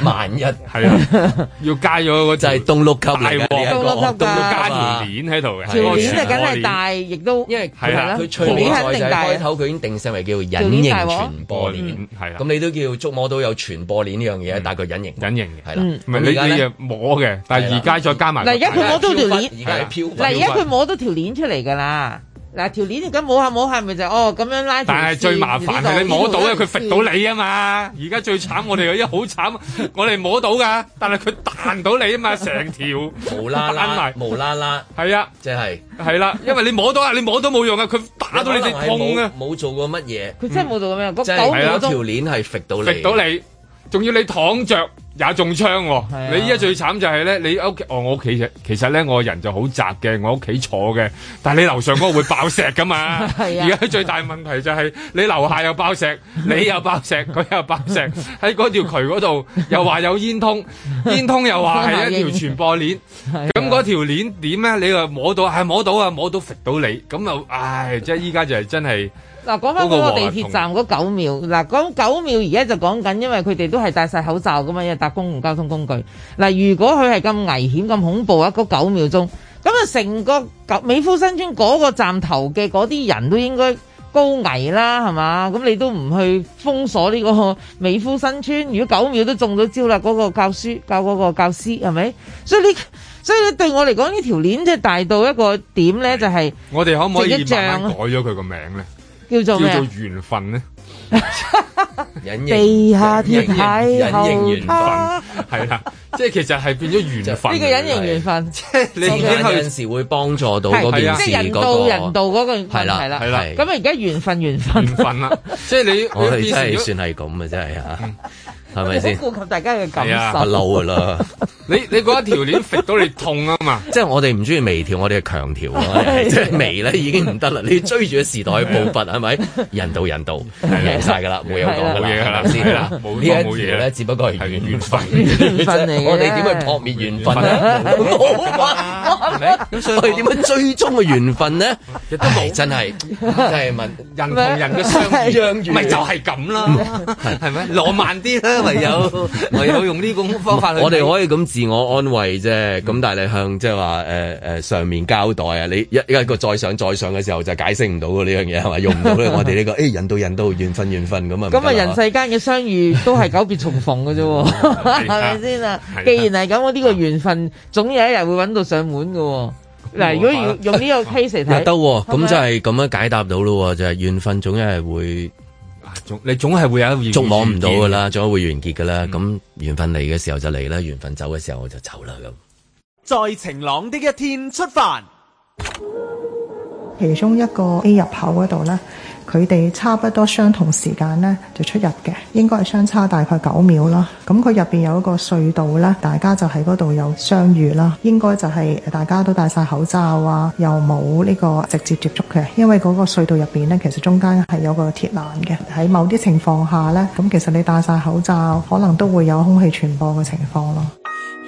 萬一係啊，要加咗個掣，Don't look up 嚟嘅，Don't look up 嘅，加條鏈喺度嘅，條鏈就梗係大，亦都因為係啦，佢尾肯定大，佢已經定性為叫隱形傳播鏈，係咁你都叫觸摸到有傳播鏈呢樣嘢，但係佢隱形，隱形嘅，係啦，你你家摸嘅，但係而家再加埋，嗱而家佢摸到條鏈，而家嗱而家佢摸到條鏈出嚟㗎啦。嗱條鏈，而家摸下摸下，咪就哦咁樣拉條線。但係最麻煩係你摸到咧，佢揈到你啊嘛！而家最慘我哋嗰啲好慘，我哋摸到噶，但係佢彈到你啊嘛，成條無啦啦，無啦啦，係啊，即係係啦，因為你摸到啊，你摸到冇用啊，佢打到你隻痛啊，冇做過乜嘢，佢真係冇做過咩？嗰條鏈係揈到你，揈到你，仲要你躺着。也中槍喎、啊！啊、你依家最慘就係、是、咧，你屋企哦我屋企其實咧，我人就好窄嘅，我屋企坐嘅，但係你樓上嗰個會爆石㗎嘛。而家、 啊、最大問題就係、是、你樓下又爆石，你又爆石，佢又爆石，喺嗰 條渠嗰度又話有煙通，煙通又話係一條傳播鏈，咁嗰、 啊、條鏈點咧？你又摸到係摸到啊，摸到 f 到，到你，咁又唉，即係依家就係真係。嗱，講翻嗰個地鐵站嗰九秒，嗱，講九秒而家就講緊，因為佢哋都係戴晒口罩㗎嘛，又搭公共交通工具。嗱，如果佢係咁危險、咁恐怖啊，嗰九秒鐘，咁啊成個美孚新村嗰個站頭嘅嗰啲人都應該高危啦，係嘛？咁你都唔去封鎖呢個美孚新村，如果九秒都中咗招啦，嗰、嗰個教書教嗰個教師係咪？所以呢，所以對我嚟講，呢條鏈即係大到一個點咧、就是，就係我哋可唔可以慢慢改咗佢個名咧？ 叫做叫做緣分咧，隱形地下鐵後，隱形緣分係啦，即係其實係變咗緣分。呢個隱形緣分，即係你已經有陣時會幫助到嗰邊，即係人道人道嗰個係啦係啦係啦。咁啊而家緣分緣分緣分啦，即係你我哋真係算係咁啊！真係吓。係咪先？顧及大家嘅感受，嬲噶啦！你你一條鏈揈到你痛啊嘛！即係我哋唔中意微調，我哋係強調即係微咧已經唔得啦！你追住個時代嘅步伐，係咪？人道人道，係嚟晒噶啦，冇有講嘅嘢噶啦，先冇講冇嘢咧，只不過係緣分。緣份我哋點去破滅緣份咧？咁所以點解最終嘅緣分咧，亦都真係即係問人同人嘅相遇，唔係就係咁啦，係咪？浪漫啲啦～唯有唯有用呢個方法去，我哋可以咁自我安慰啫。咁但係你向即係話誒誒上面交代啊，你一個一個再上再上嘅時候就解釋唔到嘅呢樣嘢，係咪？用唔到咧我哋呢個誒人到人到緣分緣分咁啊。咁啊，人世間嘅相遇都係久別重逢嘅啫，係咪先啦？既然係咁，我呢個緣分總有一日會搵到上門嘅。嗱、嗯，如果要用用呢個 case 睇，又得咁就係咁樣解答到咯，就係、是、緣分總係會。總你總係會有一個捉摸唔到噶啦，總係會完結噶啦。咁緣、嗯、分嚟嘅時候就嚟啦，緣分走嘅時候我就走啦。咁，在晴朗的一天出發，其中一個 A 入口嗰度啦。佢哋差不多相同時間呢就出入嘅，應該係相差大概九秒啦。咁佢入面有一個隧道啦，大家就喺嗰度有相遇啦。應該就係大家都戴晒口罩啊，又冇呢個直接接觸嘅，因為嗰個隧道入面呢，其實中間係有個鐵欄嘅。喺某啲情況下呢，咁其實你戴晒口罩，可能都會有空氣傳播嘅情況咯。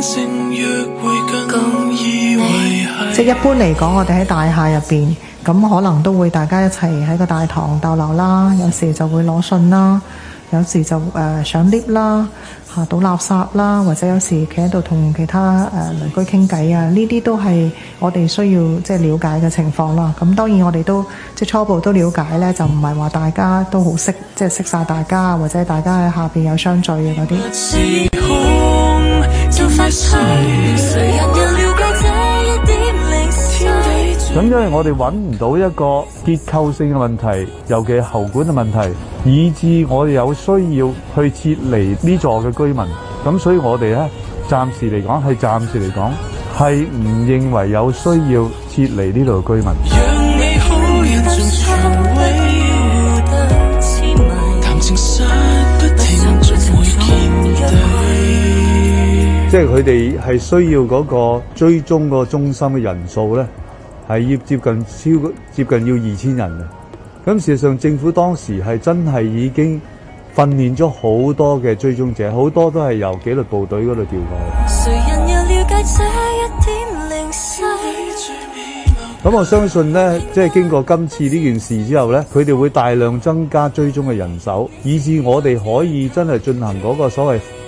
即係一般嚟講，我哋喺大廈入邊，咁可能都會大家一齊喺個大堂逗留啦，有時就會攞信啦，有時就誒、呃、上 lift 啦。下倒垃圾啦，或者有時企喺度同其他誒鄰、呃、居傾偈啊，呢啲都係我哋需要即係、就是、了解嘅情況啦。咁當然我哋都即係初步都了解咧，就唔係話大家都好識，即係識晒大家，或者大家喺下邊有相聚嘅嗰啲。咁因為我哋搵唔到一個結構性嘅問題，尤其係喉管嘅問題，以致我哋有需要去撤離呢座嘅居民。咁所以我哋咧，暫時嚟講係暫時嚟講係唔認為有需要撤離呢度嘅居民。即係佢哋係需要嗰個追蹤嗰個中心嘅人數咧。係要接近超過接近要二千人嘅，咁事實上政府當時係真係已經訓練咗好多嘅追蹤者，好多都係由紀律部隊嗰度調過嚟。咁我相信咧，即係經過今次呢件事之後咧，佢哋會大量增加追蹤嘅人手，以至我哋可以真係進行嗰個所謂。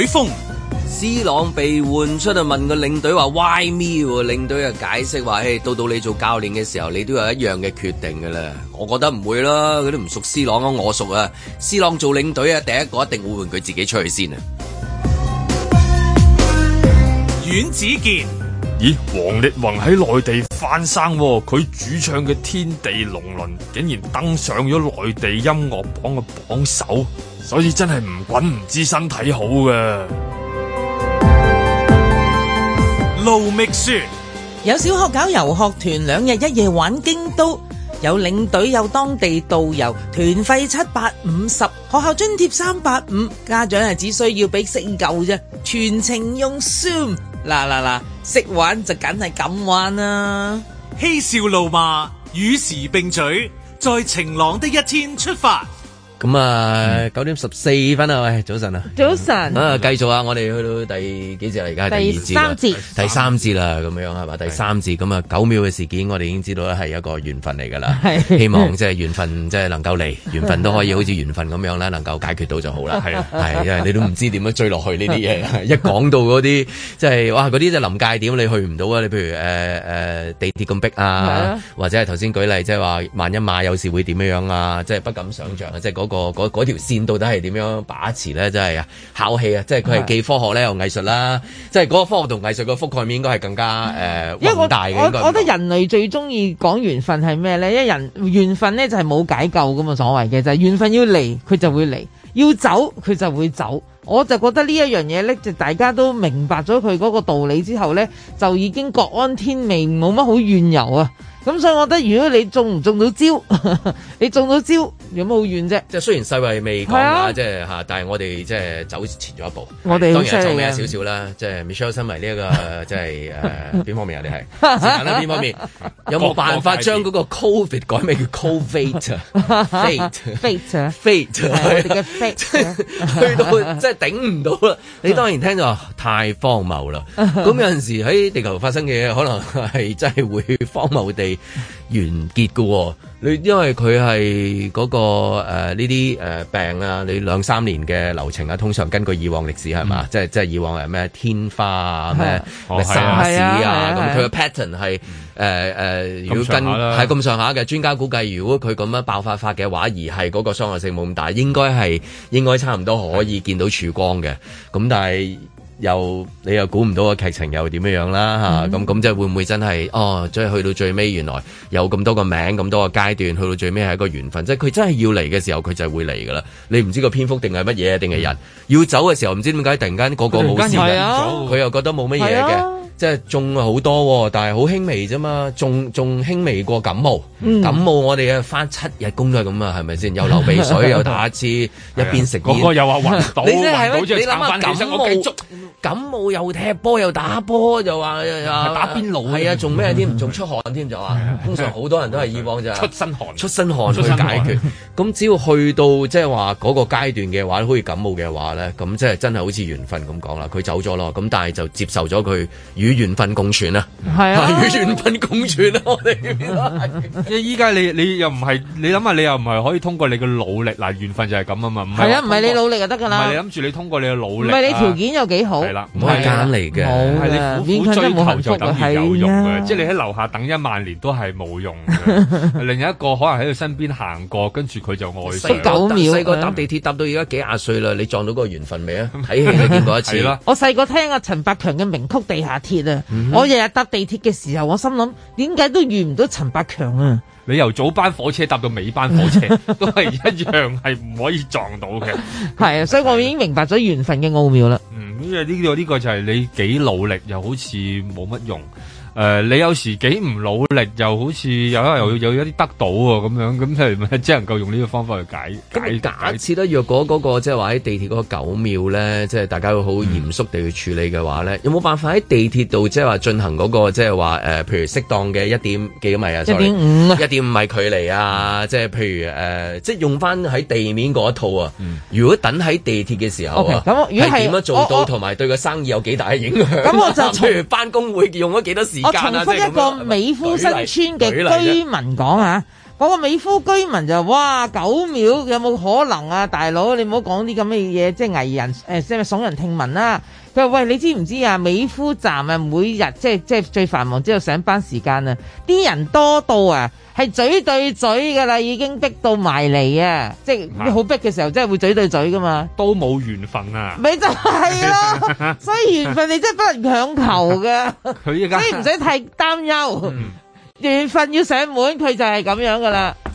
海風，斯朗被換出去問個領隊話：Why me？領隊啊解釋話：，嘿、hey,，到到你做教練嘅時候，你都有一樣嘅決定噶啦。我覺得唔會啦，佢都唔熟斯朗，我熟啊。斯朗做領隊啊，第一個一定會換佢自己出去先啊。阮子健，咦？王力宏喺內地翻生，哦，佢主唱嘅《天地龍鱗》竟然登上咗內地音樂榜嘅榜首。所以真係唔滾唔知身體好㗎。路密說有小學搞遊學團，兩日一夜玩京都，有領隊有當地導遊，團費七百五十，學校津貼三百五，家長係只需要俾四舊啫，全程用 Zoom。嗱嗱嗱，識玩就梗係咁玩啦、啊！嬉笑怒罵與時並舉，在晴朗的一天出發。咁啊，九點十四分啊，喂，早晨啊，早晨啊、嗯，繼續啊，我哋去到第幾節嚟？而家第二節，第三節啦，咁樣係嘛？第三節咁啊，九的秒嘅事件，我哋已經知道咧係一個緣分嚟㗎啦。的希望即係緣分，即係能夠嚟，緣分都可以的好似緣分咁樣啦，能夠解決到就好啦。係啊，係， 因為你都唔知點樣追落去呢啲嘢。 一講到嗰啲，即係哇，嗰啲即臨界點，你去唔到啊！你譬如誒誒地鐵咁逼啊，的或者係頭先舉例，即係話萬一馬有事會點樣啊？即係不敢想象啊！即 個嗰嗰條線到底係點樣把持咧？真係啊，考氣啊！即係佢係既科學咧又藝術啦，即係嗰個科學同藝術個覆蓋面應該係更加誒寬、呃、大嘅。我覺得人類最中意講緣分係咩咧？一人緣分咧就係冇解救咁嘛，所謂嘅就係、是、緣分要嚟佢就會嚟，要走佢就會走。我就覺得呢一樣嘢咧，就大家都明白咗佢嗰個道理之後咧，就已經各安天命，冇乜好怨尤啊。咁所以，我覺得如果你中唔中到招，你中到招有乜好怨啫？即係雖然世衛未講啦，即係吓，但係我哋即係走前咗一步。我哋當然中嘅少少啦。即係 Michelle 身為呢一個即係誒邊方面啊？你係時間啦，邊方面有冇辦法將個 Covid 改名叫 Covid fate fate fate？係我哋嘅 fate。去到即係頂唔到啦！你當然聽到太荒謬啦。咁有陣時喺地球發生嘅嘢，可能係真係會荒謬地。完結噶，你因為佢係嗰個誒呢啲誒病，啊，你兩三年嘅流程啊，通常根據以往歷史係嘛、嗯，即係即係以往係咩天花啊咩、啊、沙士啊，咁佢個 pattern 係誒誒，如果跟係咁上下嘅，專、啊、家估計如果佢咁樣爆發法嘅話，而係嗰個傷害性冇咁大，應該係應該差唔多可以見到曙光嘅，咁、啊、但係。又你又估唔到個劇情又點樣樣啦，嚇，咁咁，即係會唔會真係，哦，即係去到最尾，原來有咁多個名、咁多個階段，去到最尾係一個緣分，即係佢真係要嚟嘅時候佢就係會嚟㗎啦，你唔知個篇幅定係乜嘢定係人要走嘅時候，唔知點解突然間個個冇事佢，啊、又覺得冇乜嘢嘅。即係仲好多，但係好輕微啫嘛，仲仲輕微過感冒。感冒我哋返翻七日工都係咁啊，係咪先？又流鼻水，又打一次，一邊食煙又話暈到。你諗即係加我繼續感冒又踢波又打波就話打邊爐，係啊，仲咩添？仲出汗添就話，通常好多人都係以往就出身汗、出身汗去解決。咁只要去到即係話嗰個階段嘅話，可以感冒嘅話咧，咁即係真係好似緣分咁講啦。佢走咗咯，咁但係就接受咗佢。與緣分共存啊！係啊，與緣分共存啊！我哋依家你你又唔係，你諗下你又唔係可以通過你嘅努力嗱，緣分就係咁啊嘛！係啊，唔係你努力就得噶啦！係你諗住你通過你嘅努力，唔係你條件又幾好係啦，唔係揀嚟嘅，你苦苦追求就咁有用嘅，即係你喺樓下等一萬年都係冇用嘅。另一個可能喺佢身邊行過，跟住佢就愛上。九秒細個搭地鐵搭到而家幾廿歲啦，你撞到嗰個緣分未啊？睇戲見過一次。我細個聽阿陳百強嘅名曲《地下鐵》。嗯、我日日搭地鐵嘅時候，我心諗點解都遇唔到陳百強啊！你由早班火車搭到尾班火車， 都係一樣，係唔可以撞到嘅。係啊， 所以我已經明白咗緣分嘅奧妙啦。嗯，呢、這個呢、這個就係你幾努力又好似冇乜用。誒、呃，你有時幾唔努力，又好似又有又有，有一啲得到喎咁樣，咁係咪只能夠用呢個方法去解解？咁假設若決果嗰、那個即係話喺地鐵嗰個九秒咧，即係、嗯、大家會好嚴肅地去處理嘅話咧，有冇辦法喺地鐵度即係話進行嗰、那個即係話誒，譬如適當嘅一點幾米啊，一點五一點五米距離啊，即、就、係、是、譬如誒，即、呃、係、就是、用翻喺地面嗰套啊。嗯、如果等喺地鐵嘅時候啊，係點、okay, 樣做到同埋對個生意有幾大嘅影響、啊？咁我就譬如翻工會用咗幾多時間？啊、我重複一個美孚新村嘅居民講啊。嗰個美孚居民就話：哇，九秒有冇可能啊？大佬，你唔好講啲咁嘅嘢，即係危人，誒，即係聳人聽聞啦、啊。喂，你知唔知啊？美孚站啊，每日即係即係最繁忙之，之後上班時間啊，啲人多到啊，係嘴對嘴噶啦，已經逼到埋嚟啊！即係好逼嘅時候，真係是會嘴對嘴噶嘛，都冇緣分啊！咪就係咯， 所以緣分你真係不能強求噶。佢依家唔使太擔憂，緣、嗯、分要上門，佢就係咁樣噶啦。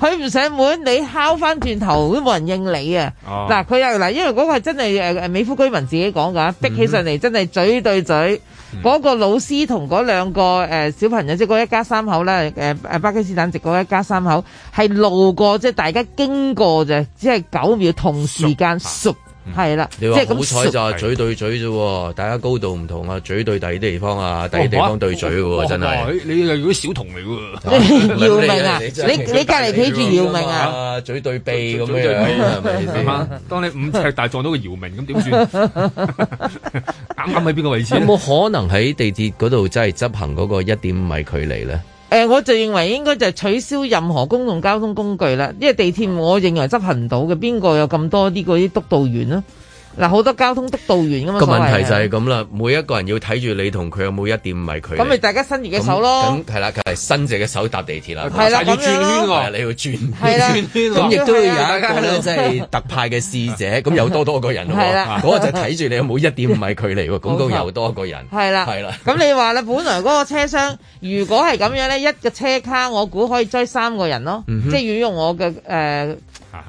佢唔上門，你敲翻轉頭都冇人應你啊！嗱，佢又嗱，因為嗰個係真係誒誒美孚居民自己講噶，逼起上嚟真係嘴對嘴。嗰、mm hmm. 老師同嗰兩個誒小朋友，即係嗰一家三口啦，誒誒巴基斯坦籍嗰一家三口係路過即係、就是、大家經過啫，只係九秒同時間熟。啊熟係啦，是你話好彩就係嘴對嘴啫，了大家高度唔同啊，嘴對第啲地方啊，第啲地方對嘴喎，真係、啊。你如果小童嚟喎，姚明啊，你你隔籬企住姚明啊，嘴對鼻咁樣，嘴對鼻樣。啊、是是當你五尺大撞到個姚明咁點算？啱啱喺邊個位置？有冇可能喺地鐵嗰度真係執行嗰個一點五米距離咧？誒、呃、我就認為應該就係取消任何公共交通工具啦，因為地鐵我認為執行唔到嘅，邊個有咁多啲嗰啲督導員呢？嗱，好多交通督導員咁嘛，個問題就係咁啦，每一個人要睇住你同佢有冇一點五米距離。咁咪大家伸住嘅手咯，咁係啦，伸住嘅手搭地鐵啦。係啦，要轉圈喎，你要轉轉圈喎。咁亦都要有一間咧，即係特派嘅使者，咁又多多個個人喎。嗰個就睇住你有冇一點五米距離喎，咁都又多一個人。係啦，係啦。咁你話啦，本來嗰個車廂如果係咁樣咧，一個車卡我估可以追三個人咯，即係要用我嘅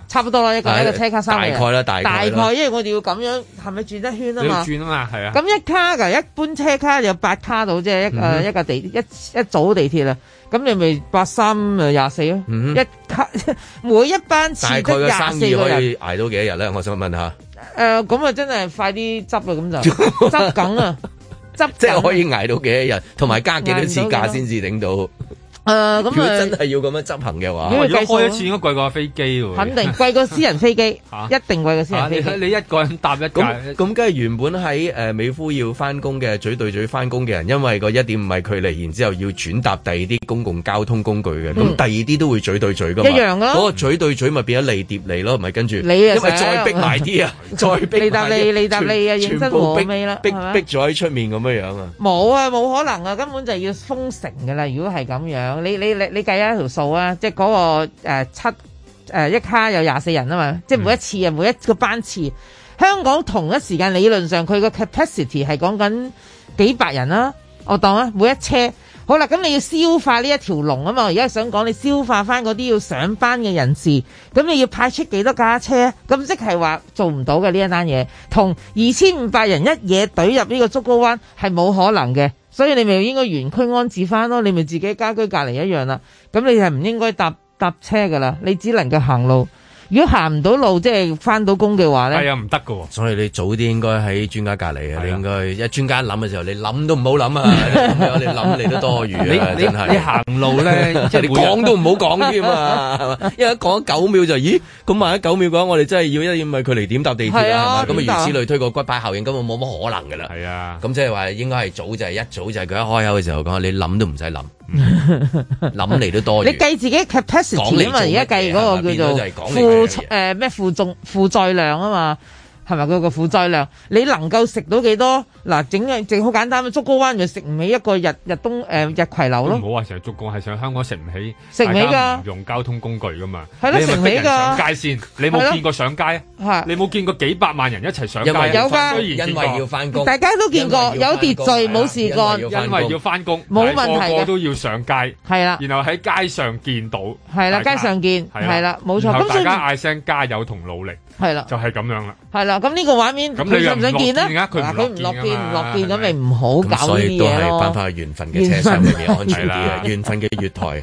差不多啦，一個一個車卡三個人，大概啦，大概啦。大概，因為我哋要咁樣，係咪轉一圈啊嘛？要轉啊嘛，係啊。咁一卡嘅，一般車卡就八卡度，即係一誒一個地一一組地鐵啊。咁你咪八三誒廿四咯。嗯。一卡每一班次得廿四個人，捱到幾多日咧？我想問下。誒，咁啊，真係快啲執啦，咁就執緊啦，執。即係可以捱到幾多日？同埋加幾多次假先至頂到？誒，咁佢真係要咁樣執行嘅話，如果開一次應該貴過架飛機喎。肯定貴過私人飛機，一定貴過私人飛機。你一個人搭一架，咁咁梗係原本喺誒美孚要翻工嘅嘴對嘴翻工嘅人，因為個一點五米距離，然之後要轉搭第二啲公共交通工具嘅，咁第二啲都會嘴對嘴噶嘛。一樣咯，嗰個嘴對嘴咪變咗脷疊脷咯，咪跟住，你因為再逼埋啲啊，再逼脷搭脷，脷搭脷啊，全部逼尾啦，逼逼咗喺出面咁樣樣啊，冇啊，冇可能啊，根本就要封城嘅啦，如果係咁樣。你你你你計下條數啊，即係、那、嗰個誒、呃、七誒、呃、一卡有廿四人啊嘛，即係每一次啊，每一個班次，嗯、香港同一時間理論上佢個 capacity 係講緊幾百人啦、啊，我當啊，每一車好啦，咁你要消化呢一條龍啊嘛，而家想講你消化翻嗰啲要上班嘅人士，咁你要派出幾多架車，咁即係話做唔到嘅，呢一單嘢，同二千五百人一嘢懟入呢個竹篙灣係冇可能嘅。所以你咪應該原區安置翻咯，你咪自己家居隔離一樣啦。咁你係唔應該搭搭車噶啦，你只能夠行路。如果行唔到路，即係返到工嘅話咧，係啊，唔得噶。所以你早啲應該喺專家隔籬啊。的你應該一專家諗嘅時候，你諗都唔好諗啊。你諗你都多餘啊。你你行路咧，即係、 啊、你講都唔好講添啊。 因為一講九秒就咦，咁萬一九秒講我哋真係要一米距離點搭地鐵啊咁啊，的的如此類推個骨牌效應，根本冇乜可能噶啦。係啊的。咁即係話應該係早就係、是、一早就係佢一開口嘅時候講，你諗都唔使諗。諗嚟都多， 你計自己 capacity 啊嘛，而家計嗰個叫做負誒、咩負重負載量啊嘛。負負負負負負係咪佢個負債量？你能夠食到幾多？嗱，整樣整好簡單，竹篙灣就食唔起一個日日東日葵樓咯。唔好話成日竹篙係上香港食唔起，食唔起噶，用交通工具噶嘛。係咯，食起噶。街你冇見過上街？係。你冇見過幾百萬人一齊上街？又有㗎，因為要翻工。大家都見過，有秩序，冇事過。因為要翻工，冇問題嘅都要上街。係啦。然後喺街上見到。係啦，街上見。係啦，冇錯。然後大家嗌聲加油同努力。係啦。就係咁樣啦。係啦。咁呢個畫面你想唔想見呢？佢唔落見唔落見，咁咪唔好搞呢啲嘢咯。所以都係返返去，緣分嘅車廂係安全啲嘅，緣分嘅月台，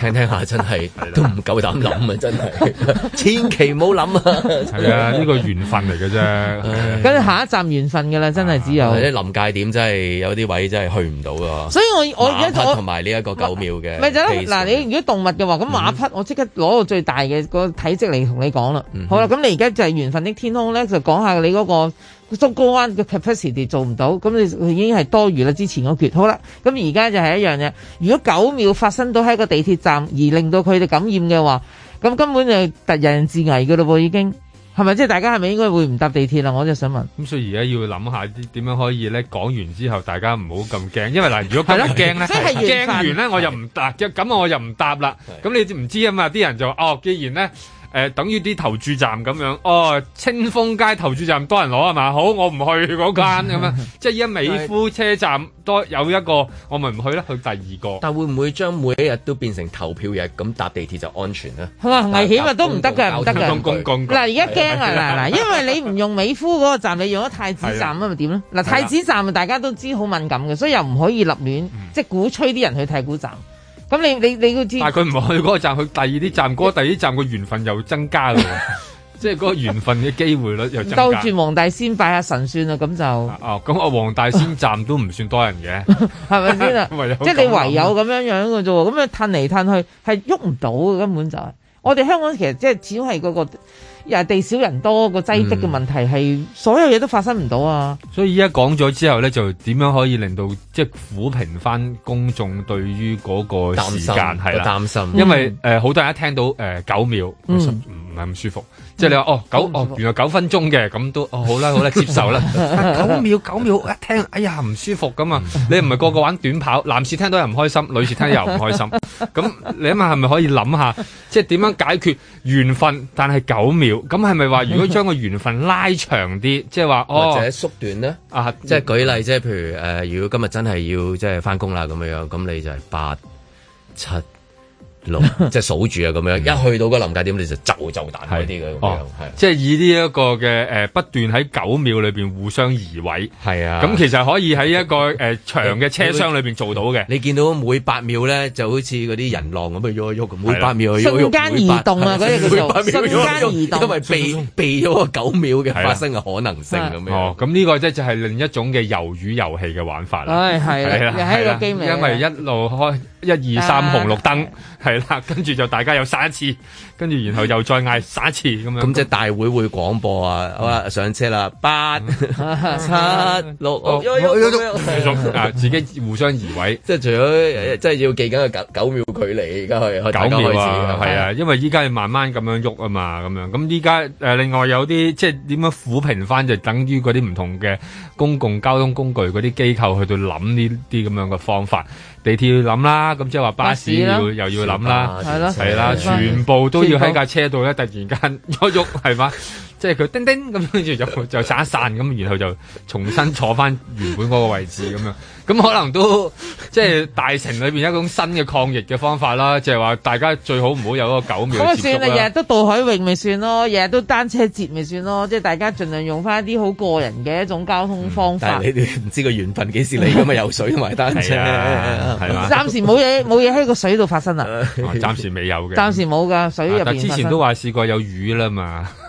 聽聽下真係都唔夠膽諗啊！真係，千祈唔好諗啊！係啊，呢個緣分嚟嘅啫。跟住下一站緣分㗎啦，真係只有。啲臨界點真係有啲位真係去唔到啊。所以我我而家同埋呢一個九秒嘅。咪就咯，嗱，你如果動物嘅話，咁馬匹我即刻攞到最大嘅個體積嚟同你講啦。好啦，咁你而家就係緣分的天空咧，就。講下你嗰個竹篙灣嘅 capacity 做唔到，咁你已經係多餘啦。之前嗰橛好啦，咁而家就係一樣嘢。如果九秒發生到喺個地鐵站而令到佢哋感染嘅話，咁根本就係突人自危嘅咯噃，已經係咪？即係大家係咪應該會唔搭地鐵啊？我就想問。咁所以而家要諗下啲點樣可以咧，講完之後，大家唔好咁驚，因為嗱，如果佢一驚咧，驚的完咧，的我又唔搭，咁的我又唔搭啦。咁的你唔知啊嘛，啲人就哦，既然咧。呃、等於啲投注站咁樣，哦，清風街投注站多人攞係嘛？好，我唔去嗰間咁 樣。即係依家美孚車站多有一個，我咪唔去啦，去第二個。 但會唔會將每一日都變成投票日咁搭地鐵就安全咧，啊？危險啊，都唔得㗎，唔得㗎。交通工具嗱，而家驚啊，嗱嗱，因為你唔用美孚嗰個站，你用咗太子站咁咪點咧？嗱是，啊，是啊，太子站大家都知好敏感嘅，所以又唔可以立亂，嗯、即鼓吹啲人去太古站。咁你你你要知，但係佢唔係去嗰個站，去第二啲站，嗰 第二站個緣分又增加啦，即係嗰個緣分嘅機會率又對住黃大仙拜下神算啦，咁就、啊、哦，咁阿黃大仙站都唔算多人嘅，係咪先啦？即係你唯有咁樣 樣嘅啫，咁 樣褪嚟褪去係喐唔到嘅，根本就係、是、我哋香港其實即係始終係嗰個。又係地少人多，個擠逼嘅問題係、嗯、所有嘢都發生唔到啊！所以依家講咗之後咧，就點樣可以令到即係撫平翻公眾對於嗰個時間擔心，啦心因為誒好、嗯呃、多人一聽到誒九、呃、秒五十五。唔係咁舒服，即係你話哦九哦，原來九分鐘嘅咁都哦好啦好啦接受啦，九秒九秒我一聽，哎呀唔舒服咁啊！你唔係個個玩短跑，男士聽到又唔開心，女士聽到又唔開心。咁你諗下係咪可以諗下，即係點樣解決緣分？但係九秒，咁係咪話如果將個緣分拉長啲，即係話哦，或者縮短呢？啊，即係舉例，即係譬如誒，如果今日真係要即係返工啦咁樣樣，咁你就係八七。即係數住啊，咁樣一去到個臨界點，你就就就彈嗰啲嘅，咁樣，係即係以呢一個嘅誒，不斷喺九秒裏邊互相移位，係啊，咁其實可以喺一個誒長嘅車廂裏邊做到嘅。你見到每八秒咧，就好似嗰啲人浪咁去喐喐，每八秒去瞬間移動啊，嗰啲叫做瞬間移動，因為避避咗個九秒嘅發生嘅可能性咁樣。哦，咁呢個即係就係另一種嘅魷魚遊戲嘅玩法啦。係係啊，係一個 game 嚟因為一路開。一二三紅綠燈，係啦，跟住就大家又三一次，跟住然後又再嗌三一次咁樣。咁即係大會會廣播啊，好啦，上車啦，八七六，啊，自己互相移位，即係除咗即係要記緊個九九秒距離而家去，九秒啊，係啊，因為依家要慢慢咁樣喐啊嘛，咁樣。咁依家誒另外有啲即係點樣撫平翻，就等於嗰啲唔同嘅公共交通工具嗰啲機構去到諗呢啲咁樣嘅方法。地鐵要諗啦，咁即係話巴士要巴士又要諗啦，係啦，係啦全部都要喺架車度咧，前把 突然間一喐係嘛，即係佢叮叮咁，跟 住就就散一散咁，然後就重新坐翻原本嗰個位置咁 樣。咁可能都即係大城裏邊一種新嘅抗疫嘅方法啦，就係、是、話大家最好唔好有個九秒。咁啊算，日日都渡海泳咪算咯，日日都單車節咪算咯，即係大家盡量用翻一啲好個人嘅一種交通方法。嗯、但你哋唔知個緣分幾時嚟，咁嘛？游水埋 單車，係暫、啊啊、時冇嘢冇嘢喺個水度發生啊！暫、 哦、時未有嘅。暫時冇噶，水入邊、啊。但之前都話試過有魚啦嘛。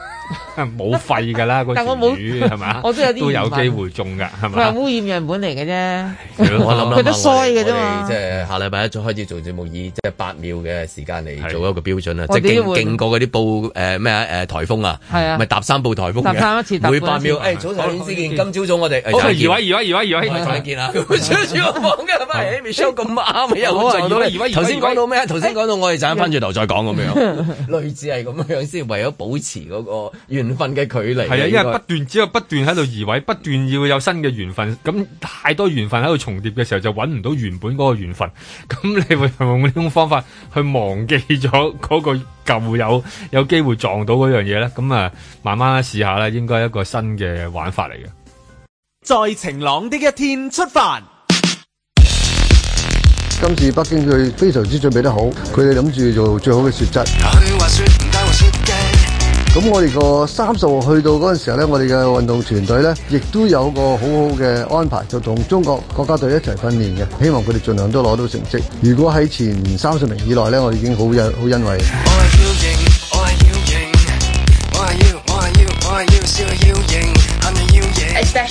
冇廢㗎啦，啲魚係咪？我都有啲都有機會中㗎，係咪？係污染樣本嚟嘅啫，我諗佢都衰㗎啫。即係下禮拜一再開始做節目，以即係八秒嘅時間嚟做一個標準啦，即係勁勁過嗰啲暴誒咩啊誒颱風啊，係啊，咪搭三部颱風嘅，每八秒。誒，早晨，見之見。今朝早我哋好啊，二位二位二位二位，再見啦。出個房㗎，未咁啱，又頭先講到咩？頭先講到我哋就返轉頭再講咁樣。類似係咁樣先，為咗保持嗰個緣分嘅距離係啊，因為不斷只有不斷喺度移位，不斷要有新嘅緣分。咁太多緣分喺度重疊嘅時候，就揾唔到原本嗰個緣分。咁你會用呢種方法去忘記咗嗰個舊有，有機會撞到嗰樣嘢咧。咁啊，慢慢試下啦，應該一個新嘅玩法嚟嘅。在晴朗的一天出發，今次北京佢非常之準備得好，佢哋諗住做最好嘅雪質 咁我哋個三十號去到嗰陣時候咧，我哋嘅運動團隊咧，亦都有個好好嘅安排，就同中國國家隊一齊訓練嘅，希望佢哋盡量都攞到成績。如果喺前三十名以內咧，我已經好好欣慰。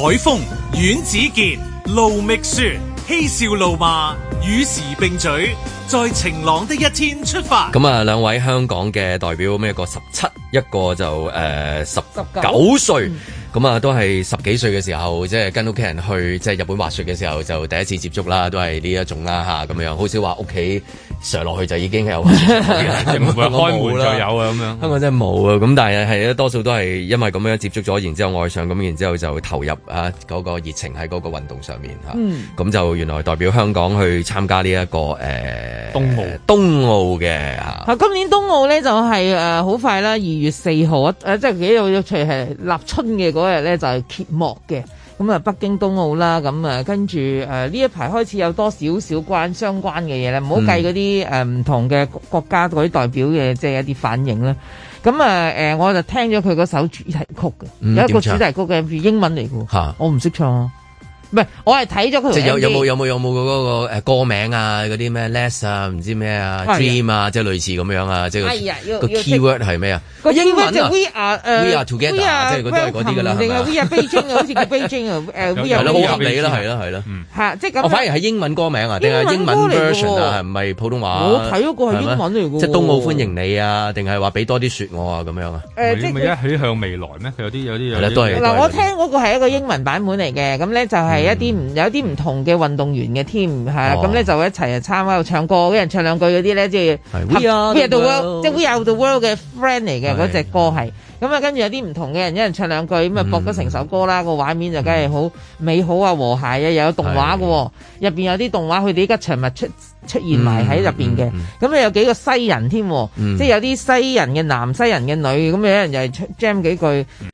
海峰、阮子健、盧覓雪、嬉笑怒罵，與時並舉，在晴朗的一天出發。咁啊，兩位香港嘅代表，咩個十七一個就誒、呃、十九歲，咁、嗯、啊都係十幾歲嘅時候，即係跟屋企人去即係日本滑雪嘅時候，就第一次接觸啦，都係呢一種啦吓，咁樣好少話屋企。上落去就已經有， 唔係開門就有啊。咁樣香港真係冇啊，咁但係係多數都係因為咁樣接觸咗，然之後愛上，咁然之後就投入啊，嗰個熱情喺嗰個運動上面咁、嗯、就原來代表香港去參加呢一個誒冬奧冬奧嘅。今年冬奧呢就係誒好快啦，二月四號啊，即係幾有有趣係立春嘅嗰日呢，就係揭幕嘅。咁啊，北京冬奧啦，咁啊，跟住誒呢一排開始有多少少關相關嘅嘢咧，唔好計嗰啲誒唔同嘅國家嗰啲代表嘅即係一啲反應啦。咁啊、呃、我就聽咗佢嗰首主題曲嘅，嗯、有一個主題曲嘅係英文嚟嘅，哈我唔識唱，啊。唔係，我係睇咗佢即有有冇有冇有冇嗰個歌名啊？嗰啲咩 less 啊？唔知咩啊？dream 啊？即係類似咁樣啊？即係個 keyword 係咩啊？個英文啊？We are together，即係嗰啲嗰啲㗎啦。定係 We are Beijing 啊？好似 Beijing 啊？We are 啦，係啦係啦。即係咁。我反而係英文歌名啊？定係英文 version 啊？係唔係普通話？我睇嗰個係英文嚟嘅，即都冇歡迎你啊？定係話俾多啲雪我啊？咁樣啊？誒，即一起向未來咩？有啲有啲有。嗱，我聽嗰個係一個英文版本嚟嘅，咁咧就係。係、嗯、一啲唔有啲唔同嘅運動員嘅添，係啊，咁咧、哦、就一齊啊參加度唱歌，一人唱兩句嗰啲咧，即係 We Are the World，即係 We Are the World 嘅 friend 嚟嘅嗰隻歌係咁啊，嗯、跟住有啲唔同嘅人，一人唱兩句咁啊，博咗成首歌啦。個畫面就梗係好美好啊，和諧啊，又有動畫嘅喎。入邊是有啲動畫佢哋依家場咪出出現埋喺入邊嘅。咁啊、嗯，嗯嗯、有幾個西人添，即係有啲西人嘅男，西人嘅女，咁有人又係 jam 幾句。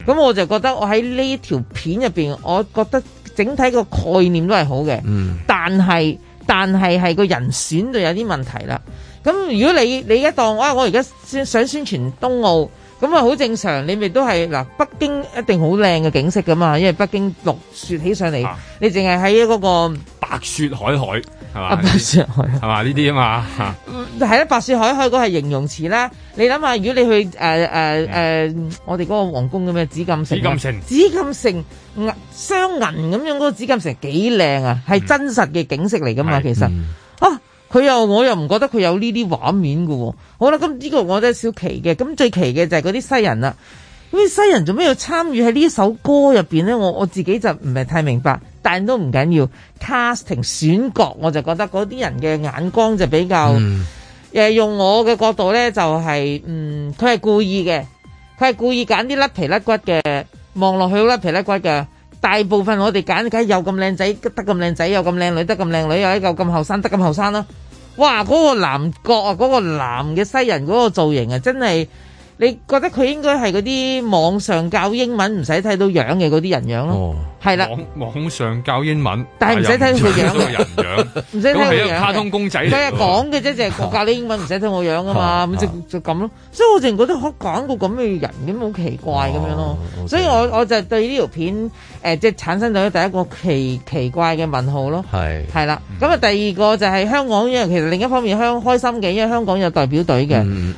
咁我就覺得我喺呢條片入邊，我覺得。整體個概念都係好嘅，嗯，但係但係係個人選就有啲問題啦。咁如果你你一當啊，我而家想宣傳冬奧，咁啊好正常，你咪都係嗱，北京一定好靚嘅景色㗎嘛，因為北京落雪起上嚟，啊、你淨係喺嗰個白雪皚皚。是吧啊白！白雪海係嘛呢啲啊嘛吓，係啦白雪海開嗰係形容詞啦。你諗下，如果你去誒誒誒，呃呃、的我哋嗰個皇宮嘅咩紫禁城，紫禁城，紫禁城雙銀咁樣嗰個紫禁城幾靚啊！係真實嘅景色嚟噶嘛，的其實、嗯、啊，佢又我又唔覺得佢有呢啲畫面噶喎。好啦，咁呢個我覺得小奇嘅。咁最奇嘅就係嗰啲西人啦。咁啲西人做咩要參與喺呢首歌入邊咧？我我自己就唔係太明白。但都唔緊要 casting 選角，我就覺得嗰啲人嘅眼光就比較、嗯、用我嘅角度呢，就係、係、嗯佢係故意嘅，佢係故意揀啲甩皮甩骨嘅望落去好甩皮甩骨嘅。大部分我哋揀梗嘅有咁靚仔得咁靚仔，有咁靚女得咁靚女，有一嚿咁後生得咁後生咯。哇！嗰、嗰個男角啊，嗰、嗰個男嘅西人嗰、嗰個造型啊，真係～你覺得佢應該係嗰啲網上教英文唔使睇到樣嘅嗰啲人樣咯，係啦，網上教英文，但係唔使睇到佢樣，唔使睇佢樣，卡通公仔嚟嘅，講嘅啫，就係教啲英文，唔使睇我樣啊嘛，咁就就咁咯。所以我淨覺得可講個咁嘅人咁好奇怪咁樣咯。所以我我就對呢條片誒即係產生咗第一個奇奇怪嘅問號咯。係係啦，咁啊第二個就係香港一樣，其實另一方面香開心嘅，因為香港有代表隊嘅，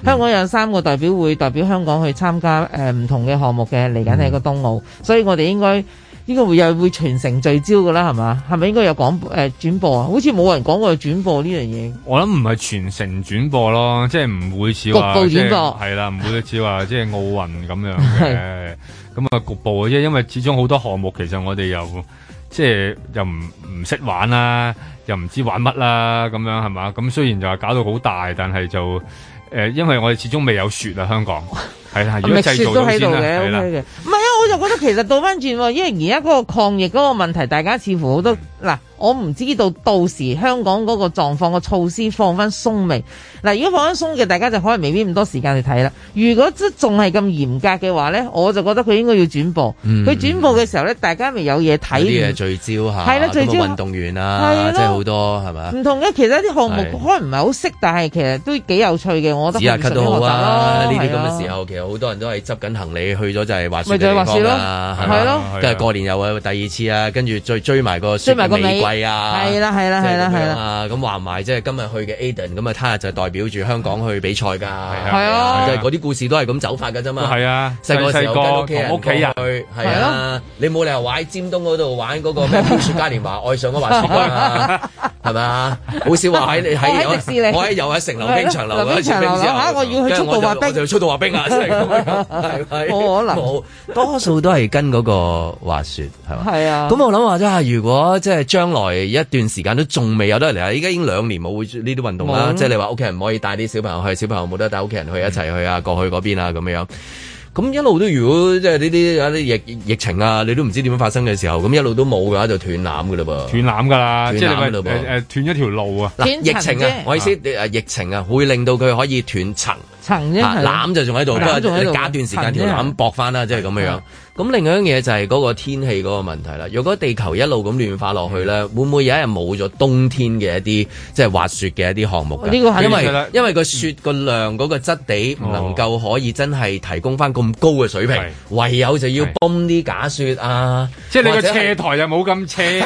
香港有三個代表會。代表香港去參加誒唔、呃、同嘅項目嘅嚟緊係個冬奧，嗯、所以我哋應該應該會有會全城聚焦噶啦，係嘛？係咪應該有廣誒轉播啊？好似冇人講過轉播呢樣嘢。我諗唔係全城轉播咯，即係唔會似話局部轉播係啦，唔會似話即係奧運咁樣嘅。咁啊 是 局部嘅，因為始終好多項目其實我哋又即係又唔唔識玩啦，又唔知玩乜啦，咁樣係嘛？咁雖然就係搞到好大，但係就。誒，因為我哋始終未有雪啊，香港係啦，如果製造咗先啦，係唔係啊，我就覺得其實倒翻轉，因為而家嗰個抗疫嗰個問題，大家似乎好多。嗱，我唔知道到時香港嗰個狀況個措施放翻鬆未。嗱，如果放返鬆嘅，大家就可能未必咁多時間去睇啦。如果即係仲係咁嚴格嘅話咧，我就覺得佢應該要轉播。佢轉播嘅時候咧，大家咪有嘢睇。啲嘢聚焦下，係啦，聚焦運動員啦，即係好多係咪？唔同嘅，其實啲項目可能唔係好識，但係其實都幾有趣嘅。我覺得。睇下都好啊，呢啲咁嘅時候，其實好多人都係執緊行李去咗就係滑雪。咪就係滑雪咯，係咯。跟住過年又啊第二次啦，跟住再追埋個。玫瑰啊，係啦，係啦，係啦，咁話埋即係今日去嘅 Aden，咁啊聽日就代表住香港去比賽㗎，係啊，即係嗰啲故事都係咁走法㗎啫嘛，係啊，細個時候跟屋企人去，係啊，你冇理由話喺尖東嗰度玩嗰個咩冰雪嘉年華，愛上嗰滑雪係咪？好少話喺你喺我喺又喺城樓冰場流嗰陣時冰之後，跟住我我就速度滑冰啊，我可能多數都係跟嗰個滑雪係嘛？係啊，咁我諗話即係如果即係。即係將來一段時間都仲未有得嚟啊！依家已經兩年冇會呢啲運動啦。即係你話屋企人唔可以帶啲小朋友去，小朋友冇得帶屋企人去一齊去啊！過去嗰邊啊，咁樣樣。咁一路都如果即係呢啲啊啲疫疫情啊，你都唔知點樣發生嘅時候，咁一路都冇嘅話就斷纜噶喇。噃。斷纜㗎啦，即係誒斷一條路啊。疫情啊，我意思疫情啊，會令到佢可以斷層層啫，纜就仲喺度，都係隔段時間條纜駁返啦，即係咁樣樣。咁另一樣嘢就係嗰個天氣嗰個問題啦。如果地球一路咁暖化落去咧，會唔會有一日冇咗冬天嘅一啲即係滑雪嘅一啲項目㗎？呢個係因為因為個雪個量嗰個質地唔能夠可以真係提供翻咁高嘅水平，唯有就要泵啲假雪啊。即係你個斜台又冇咁斜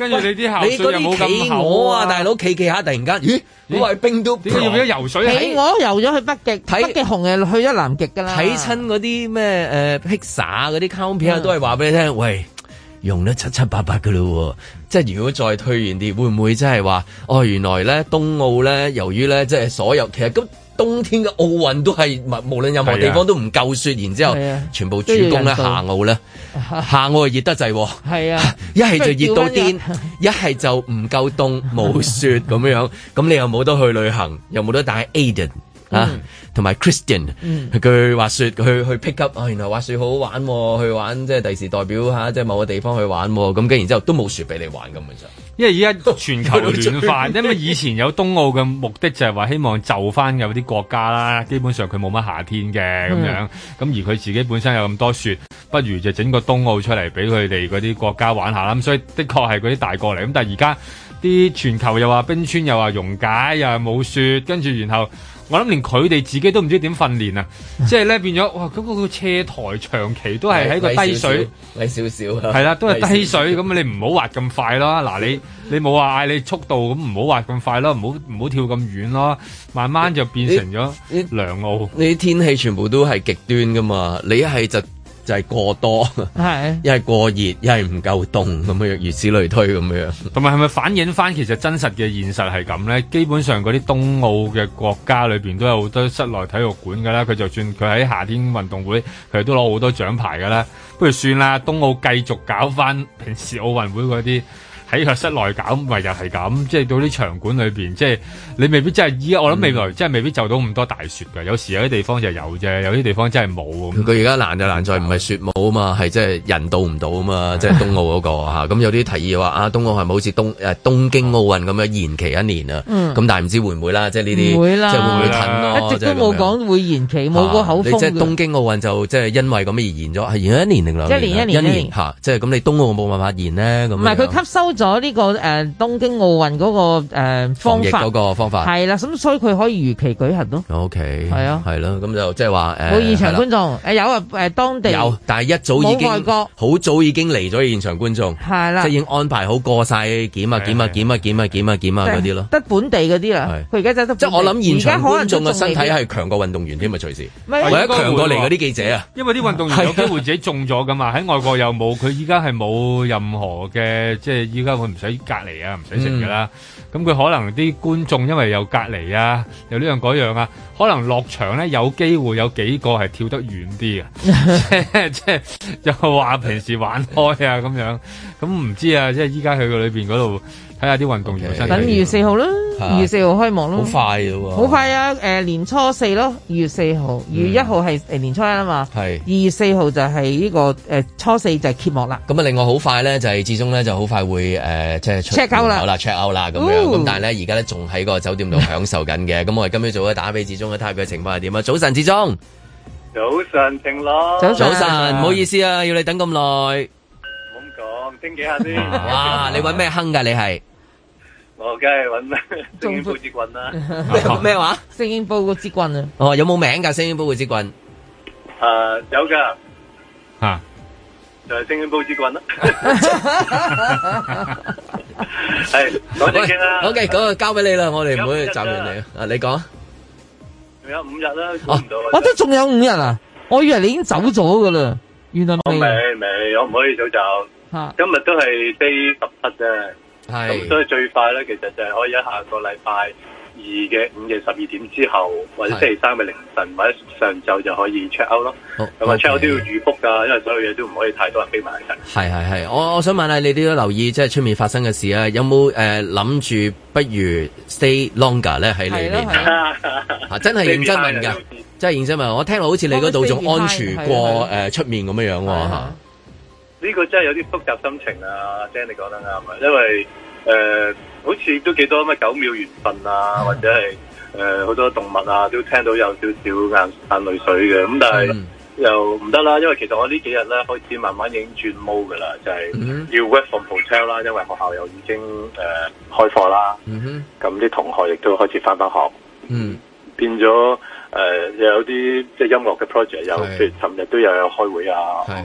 跟、啊、住、啊、你啲後、啊，你嗰啲企鵝啊，大佬企企下突然間咦？我係咦冰都，你鵝遊咗游水、啊？睇企鵝遊咗去北極，睇北極熊係去咗南極㗎啦，睇親嗰啲咩誒？呃嗰啲卡片都係話俾你聽，喂，用得七七八八噶喎。即係如果再退遠啲，會唔會即係話，哦，原來咧冬奧咧，由於咧即係所有，其實咁冬天嘅奧運都係，無論任何地方都唔夠雪，啊、然之後全部主攻咧夏奧咧，夏奧熱得滯，係啊，一係就熱、啊、到癲，一係、啊、就唔夠凍冇雪咁樣樣，咁 你又冇得去旅行，又冇得帶 Aiden。啊，同埋 Christian，佢話説去滑雪去，去 pick up 啊，原來話説好好玩，去玩即係第時代表下，即係某個地方去玩咁。跟然後之後都冇雪俾你玩咁本上，因為而家全球暖化， 都醉因為以前有冬奧嘅目的就係話希望就翻有啲國家啦，基本上佢冇乜夏天嘅咁樣咁， 而佢自己本身有咁多雪，不如就整個冬奧出嚟俾佢哋嗰啲國家玩下啦。咁所以的確係嗰啲大國嚟咁，但係而家啲全球又話冰川又話溶解，又冇雪，跟住然後。我諗連佢哋自己都唔知點訓練啊！ 即係咧，變咗哇，嗰、那個車台長期都係喺個低水，矮少少，係啦，都係低水咁點你唔好滑咁快咯，嗱 你你冇話嗌你速度咁唔好滑咁快咯，唔好唔好跳咁遠咯，慢慢就變成咗兩澳。呢啲天氣全部都係極端噶嘛，你一係就。就係過多，係一係過熱，一係唔夠凍咁樣，如此類推咁樣。同埋係咪反映翻其實真實嘅現實係咁呢？基本上嗰啲冬奧嘅國家裏面都有好多室內體育館㗎啦，佢就算佢喺夏天運動會，佢都攞好多獎牌㗎啦。不如算啦，冬奧繼續搞翻平時奧運會嗰啲。喺個室內搞，咪又係咁，即係到啲場館裏邊，即係你未必真係依。我諗未來真係未必就到咁多大雪㗎，有時有啲地方就有啫，有啲地方真係冇。佢而家難就難在唔係雪冇啊嘛，係即係人到唔到啊嘛，即係冬奧嗰個，咁有啲提議話啊，冬奧係咪好似東誒東京奧運咁樣延期一年啊？咁但係唔知會唔會啦，即係呢啲，即係會唔會褪？一直都冇講會延期，冇個口風。你即係東京奧運就即係因為咁而延咗，延咗一年定兩年？即係延一年。嚇！即係咁，你冬奧冇辦法延呢？咁。唔係佢吸收。咗呢個誒東京奧運嗰個誒方法嗰個方法係啦，咁所以佢可以如期舉行咯。O K 係啊，係啦，咁就即係話冇現場觀眾，誒有誒當地有，但係一早已經冇外國，好早已經嚟咗現場觀眾，係啦，即係已經安排好過晒檢啊，檢啊，檢啊，檢啊，檢啊，檢啊嗰啲咯，得本地嗰啲啦。佢而家就得即係我諗現場觀眾嘅身體係強過運動員添，咪隨時一強過嚟嗰啲記者啊，因為啲運動員有機會自己中咗噶嘛，喺外國又冇，佢依家係冇任何嘅即係依家。佢唔使隔離啊，唔使食噶啦。咁佢可能啲觀眾因為有隔離啊，又呢樣嗰樣啊，可能落場咧有機會有幾個係跳得遠啲嘅，即係又話平時玩開啊咁樣。咁唔知啊，即係依家去個裏邊嗰度。睇下啲運動員，等二月四號啦，二月四號開幕咯。好快喎！好快啊！誒年初四咯，二月四號，二月一號係年初一啊嘛。係。二月四號就係呢個誒初四就揭幕啦。咁啊，另外好快咧，就係志中咧就好快會誒即係 check out 啦，check out 啦咁樣。咁但係咧而家咧仲喺個酒店度享受緊嘅。咁我哋今日做咗打俾志中嘅，睇下佢情況係點啊？早晨，志中。早晨，晴朗。早晨。早晨，唔好意思啊，要你等咁耐。唔好講，傾幾下先。哇！你揾咩坑㗎？你係？我梗係揾啦，升影波之棍啦，咩話？升影波之棍啊！哦，有冇名噶？升影波之棍，誒，有噶，吓，就係升影波之棍啦。係，開始傾啦。好嘅，咁啊，交俾你啦，我哋唔可以暫停你啊。啊，你講，仲有五日啦，估唔到。我都仲有五日啊！我以為你已經走咗噶啦，原來未未，我唔可以早走。今日都係四十七啫。咁所以最快咧，其實就係可以喺下個禮拜二嘅午夜十二點之後，或者星期三嘅凌晨或者上晝就可以 check out 咯。check out 都要預 book 㗎，噶，因為所有嘢都唔可以太多人堆埋一陣。係係係，我我想問下你哋都留意即係出面發生嘅事啊？有冇誒諗住不如 stay longer 咧喺裏面啊？真係認真問㗎，真係認真問。我聽落好似你嗰度仲安全過誒出面咁樣樣喎嚇。呢個真係有啲複雜心情啊，Jenny 講得啱啊，因為誒、呃、好似都幾多咩九秒緣分啊，或者係誒好多動物啊，都聽到有少少眼眼淚水嘅，咁但係又唔得啦，因為其實我呢幾日咧開始慢慢已經轉 mode 噶啦，就係、是、要 work from hotel 啦，因為學校又已經誒、呃、開課啦，咁啲、mm hmm. 同學亦都開始返返學，變咗。又有啲即係音樂嘅 project，有譬如尋日都有開會啊，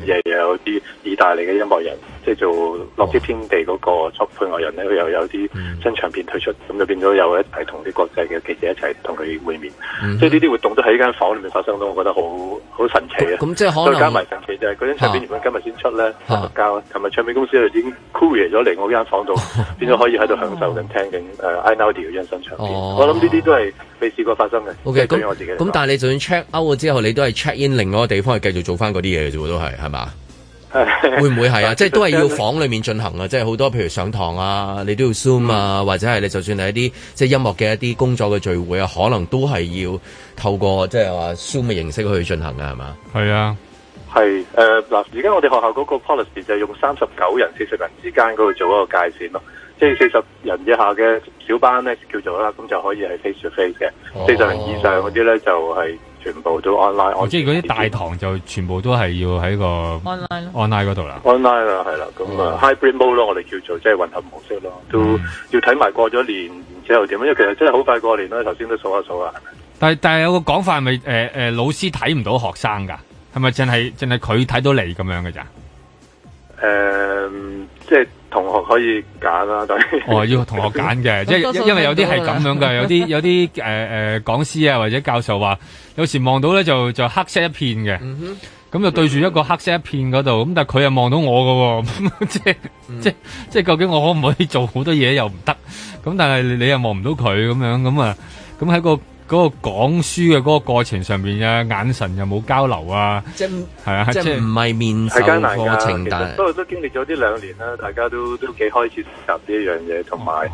又有啲意大利嘅音樂人，即係做浪跡天地嗰個作配樂人咧，佢又有啲新唱片推出，咁就變咗有一齊同啲國際嘅記者一齊同佢會面，即係呢啲活動都喺間房裏面發生到，我覺得好好神奇啊！咁即係可能再加埋神奇就係嗰張唱片原本今日先出咧，交，琴日唱片公司就已經 courier 咗嚟我間房度，變咗可以喺度享受緊聽緊誒 Einaudi 呢張新唱片。我諗呢啲都係未試過發生嘅，即係我自己。咁、嗯、但你就算 check out 咗之後，你都係 check in 另外個地方，去繼續做翻嗰啲嘢嘅啫喎，都係係嘛？會唔會係啊？即係都係要房裏面進行啊！即係好多譬如上堂啊，你都要 Zoom 啊，嗯、或者係你就算係一啲即係音樂嘅一啲工作嘅聚會啊，可能都係要透過即係話 Zoom 嘅形式去進行嘅係嘛？係是啊，係誒嗱，而家我哋學校嗰個 policy 就係用三十九人四十人之間嗰度做一個界線咯。即係四十人以下嘅小班咧，叫做啦，咁就可以係 face to face 嘅。四十、哦、人以上嗰啲咧，哦、就係全部都 online、哦。我知嗰啲大堂就全部都係要喺個 online online 嗰度啦。online 啦，係啦，咁啊、哦 uh, hybrid mode 咯，我哋叫做即係混合模式咯。都要睇埋過咗年然之後點，因為其實真係好快過年啦。頭先都數一數啦。但係但係有個講法係咪誒誒，老師睇唔到學生噶，係咪淨係淨係佢睇到你咁樣嘅咋？誒、呃，即係。同學可以揀啦、啊，但係我要同學揀嘅， 即係因為有啲係咁樣嘅，有啲有啲誒誒講師啊或者教授話，有時望到咧就就黑色一片嘅，咁、嗯、哼就對住一個黑色一片嗰度，咁但佢又望到我㗎喎、哦 是嗯，即係即係即係究竟我可唔可以做好多嘢又唔得？咁但係你又望唔到佢咁樣咁啊？咁喺個。嗰個講書嘅嗰個過程上面啊，眼神有冇交流啊？即係啊，即係唔係面授課程，但係都都經歷咗呢兩年啦，大家都都幾開始學習呢一樣嘢，同埋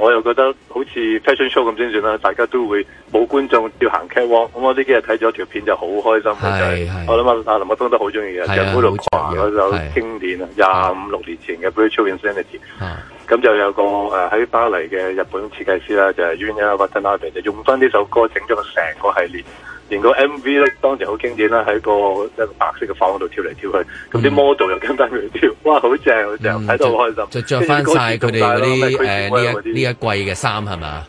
我又覺得好似 fashion show 咁先算啦，大家都會冇觀眾要行 catwalk，咁我呢幾日睇咗條片就好開心我諗啊，阿林柏東都好中意嘅，就嗰度講嗰首經典啊，廿五六年前嘅《Beauty and the Beast》。咁就有個誒喺巴黎嘅日本設計師啦，就係、Junya Watanabe 就用翻呢首歌個，整咗個成個系列，連個 M V 咧，當時好經典啦，喺個一個白色嘅房度跳嚟跳去，咁啲 model 又跟翻佢跳，哇，好正，好正，睇到、嗯、開心，就着翻晒佢哋呢呢一呢一季嘅衫係咪？啊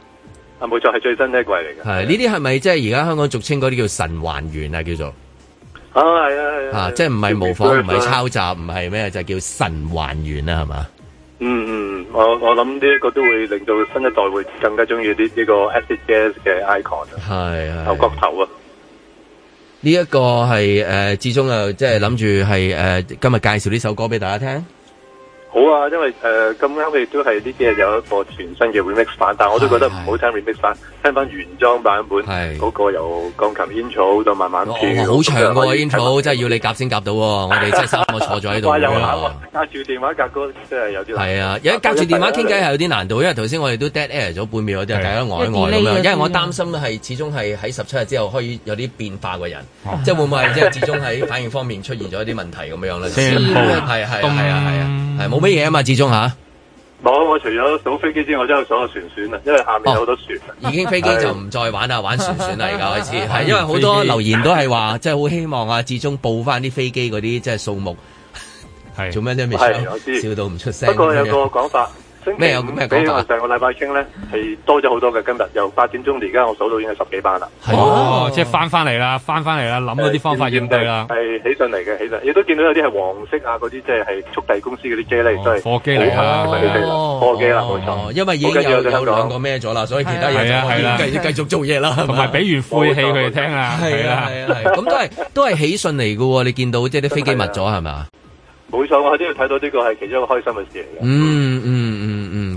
冇錯，係最新一季嚟嘅。係呢啲係咪即係而家香港俗稱嗰啲叫神還原啊？叫做啊係啊係啊，即係唔係模仿，唔係抄襲，唔係咩，就係係就係、叫神還原啦，係嘛？嗯嗯，我我諗呢一個都會令到新一代會更加中意呢個 acid jazz 嘅 icon，係頭頭角頭啊！呢一個係誒，始終，就即係諗住係誒，今日介紹呢首歌俾大家聽。好啊，因為誒咁啱，佢亦都係呢幾日有一個全新嘅 remix 版，但係我都覺得唔好聽 remix 版，聽翻原裝版本。係嗰個由鋼琴、煙草到慢慢煮。好長㗎喎，煙草真係要你夾先夾到喎。我哋真係三個坐咗喺度㗎啦。隔住電話夾歌真係有啲係啊，有啲隔住電話傾偈係有啲難度，因為頭先我哋都 dead air 咗半秒，我哋大家呆呆咁樣，因為我擔心係始終係喺十七日之後可以有啲變化嘅人，即係會唔會即係始終喺反應方面出現咗啲問題咁樣咧？係啊係啊，冇。乜嘢啊嘛？志中吓，冇、啊、我除咗數飛機之外，我真係有數個船船啊。因為下面有好多船，哦。已經飛機就唔再玩啦， 玩船船啦，而家開始，係 因為好多留言都係話，即係好希望啊，志中報翻啲飛機嗰啲即係數目。係是 做咩啫？係我知，笑到唔出聲。不過有一個講法。咩啊？比我上個禮拜傾咧，係多咗好多嘅，今日由八點鐘，而家我數到已經係十幾班啦。哦，即係翻翻嚟啦，翻翻嚟啦，諗咗啲方法啦。係喜訊嚟嘅，其實，亦都見到有啲係黃色啊，嗰啲即係係速遞公司嗰啲機咧都係貨機啦，哦，貨機啦，冇錯。因為已經有有兩個咩咗啦，所以其他嘢就可以繼繼續做嘢啦。同埋俾完晦氣佢哋聽啊，係啊係啊係，咁都係都係喜訊嚟噶喎。你見到即係啲飛機密咗係咪？冇錯，我都要睇到呢個係其中一個開心嘅事嚟嘅。嗯嗯。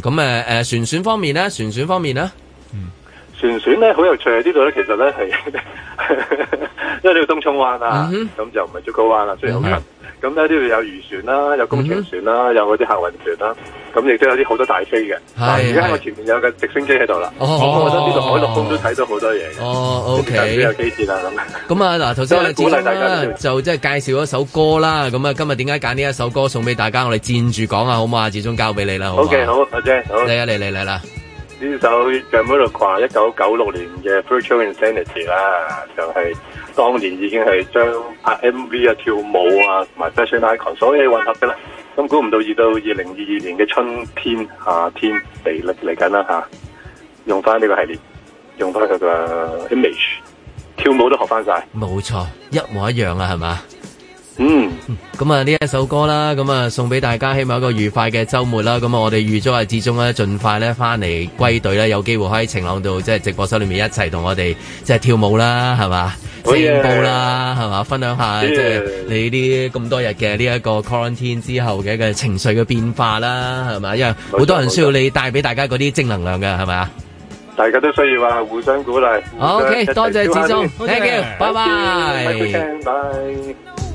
咁誒誒船選方面咧，船選方面咧，嗯、船選咧好有趣喺呢度咧，其實咧係， 因為呢度東涌灣啊，咁、uh huh. 就唔係竹篙灣啦，最好嘅。Huh. 嗯咁咧呢度有漁船啦，有工程船啦，有嗰啲客運船啦，咁亦都有啲好多大飛嘅。但係，而家我前面有架直升機喺度啦。哦，我覺得呢度海陸空都睇到好多嘢。哦，OK。有幾折啊？咁啊，咁啊，嗱，頭先啊，我哋鼓勵大家就即係介紹一首歌啦。咁啊，今日點解揀呢一首歌送俾大家？我哋漸住講下好嘛？始終交俾你啦，好嘛？好嘅，好，阿姐，嚟啊嚟嚟嚟啦！呢首《Jamiroquai》一九九六年嘅《Virtual Insanity》啦，就係。當年已經係將拍 MV 啊、跳舞啊同埋 fashion icon，所有混合嘅啦。咁估唔到二到二零二二年嘅春天、夏天力嚟緊啦，吓、啊、用翻呢個系列，用翻佢個 image，跳舞都學翻晒，冇錯，一模一樣啊，係嘛？嗯，咁啊呢一首歌啦，咁啊送俾大家，希望一個愉快嘅週末啦。咁啊，我哋預祝阿志中咧，盡快咧翻嚟歸隊啦，有機會可以喺晴朗度，即係直播室裏面一齊同我哋即係跳舞啦，係嘛，勁舞啦，係嘛，分享下即係耶你啲咁多日嘅呢一個 quarantine 之後嘅一個情緒嘅變化啦，係咪？因為好多人需要你帶俾大家嗰啲正能量嘅，係咪啊？大家都需要啊，互相鼓勵。OK，多謝志中，thank you，拜拜。見 Bye.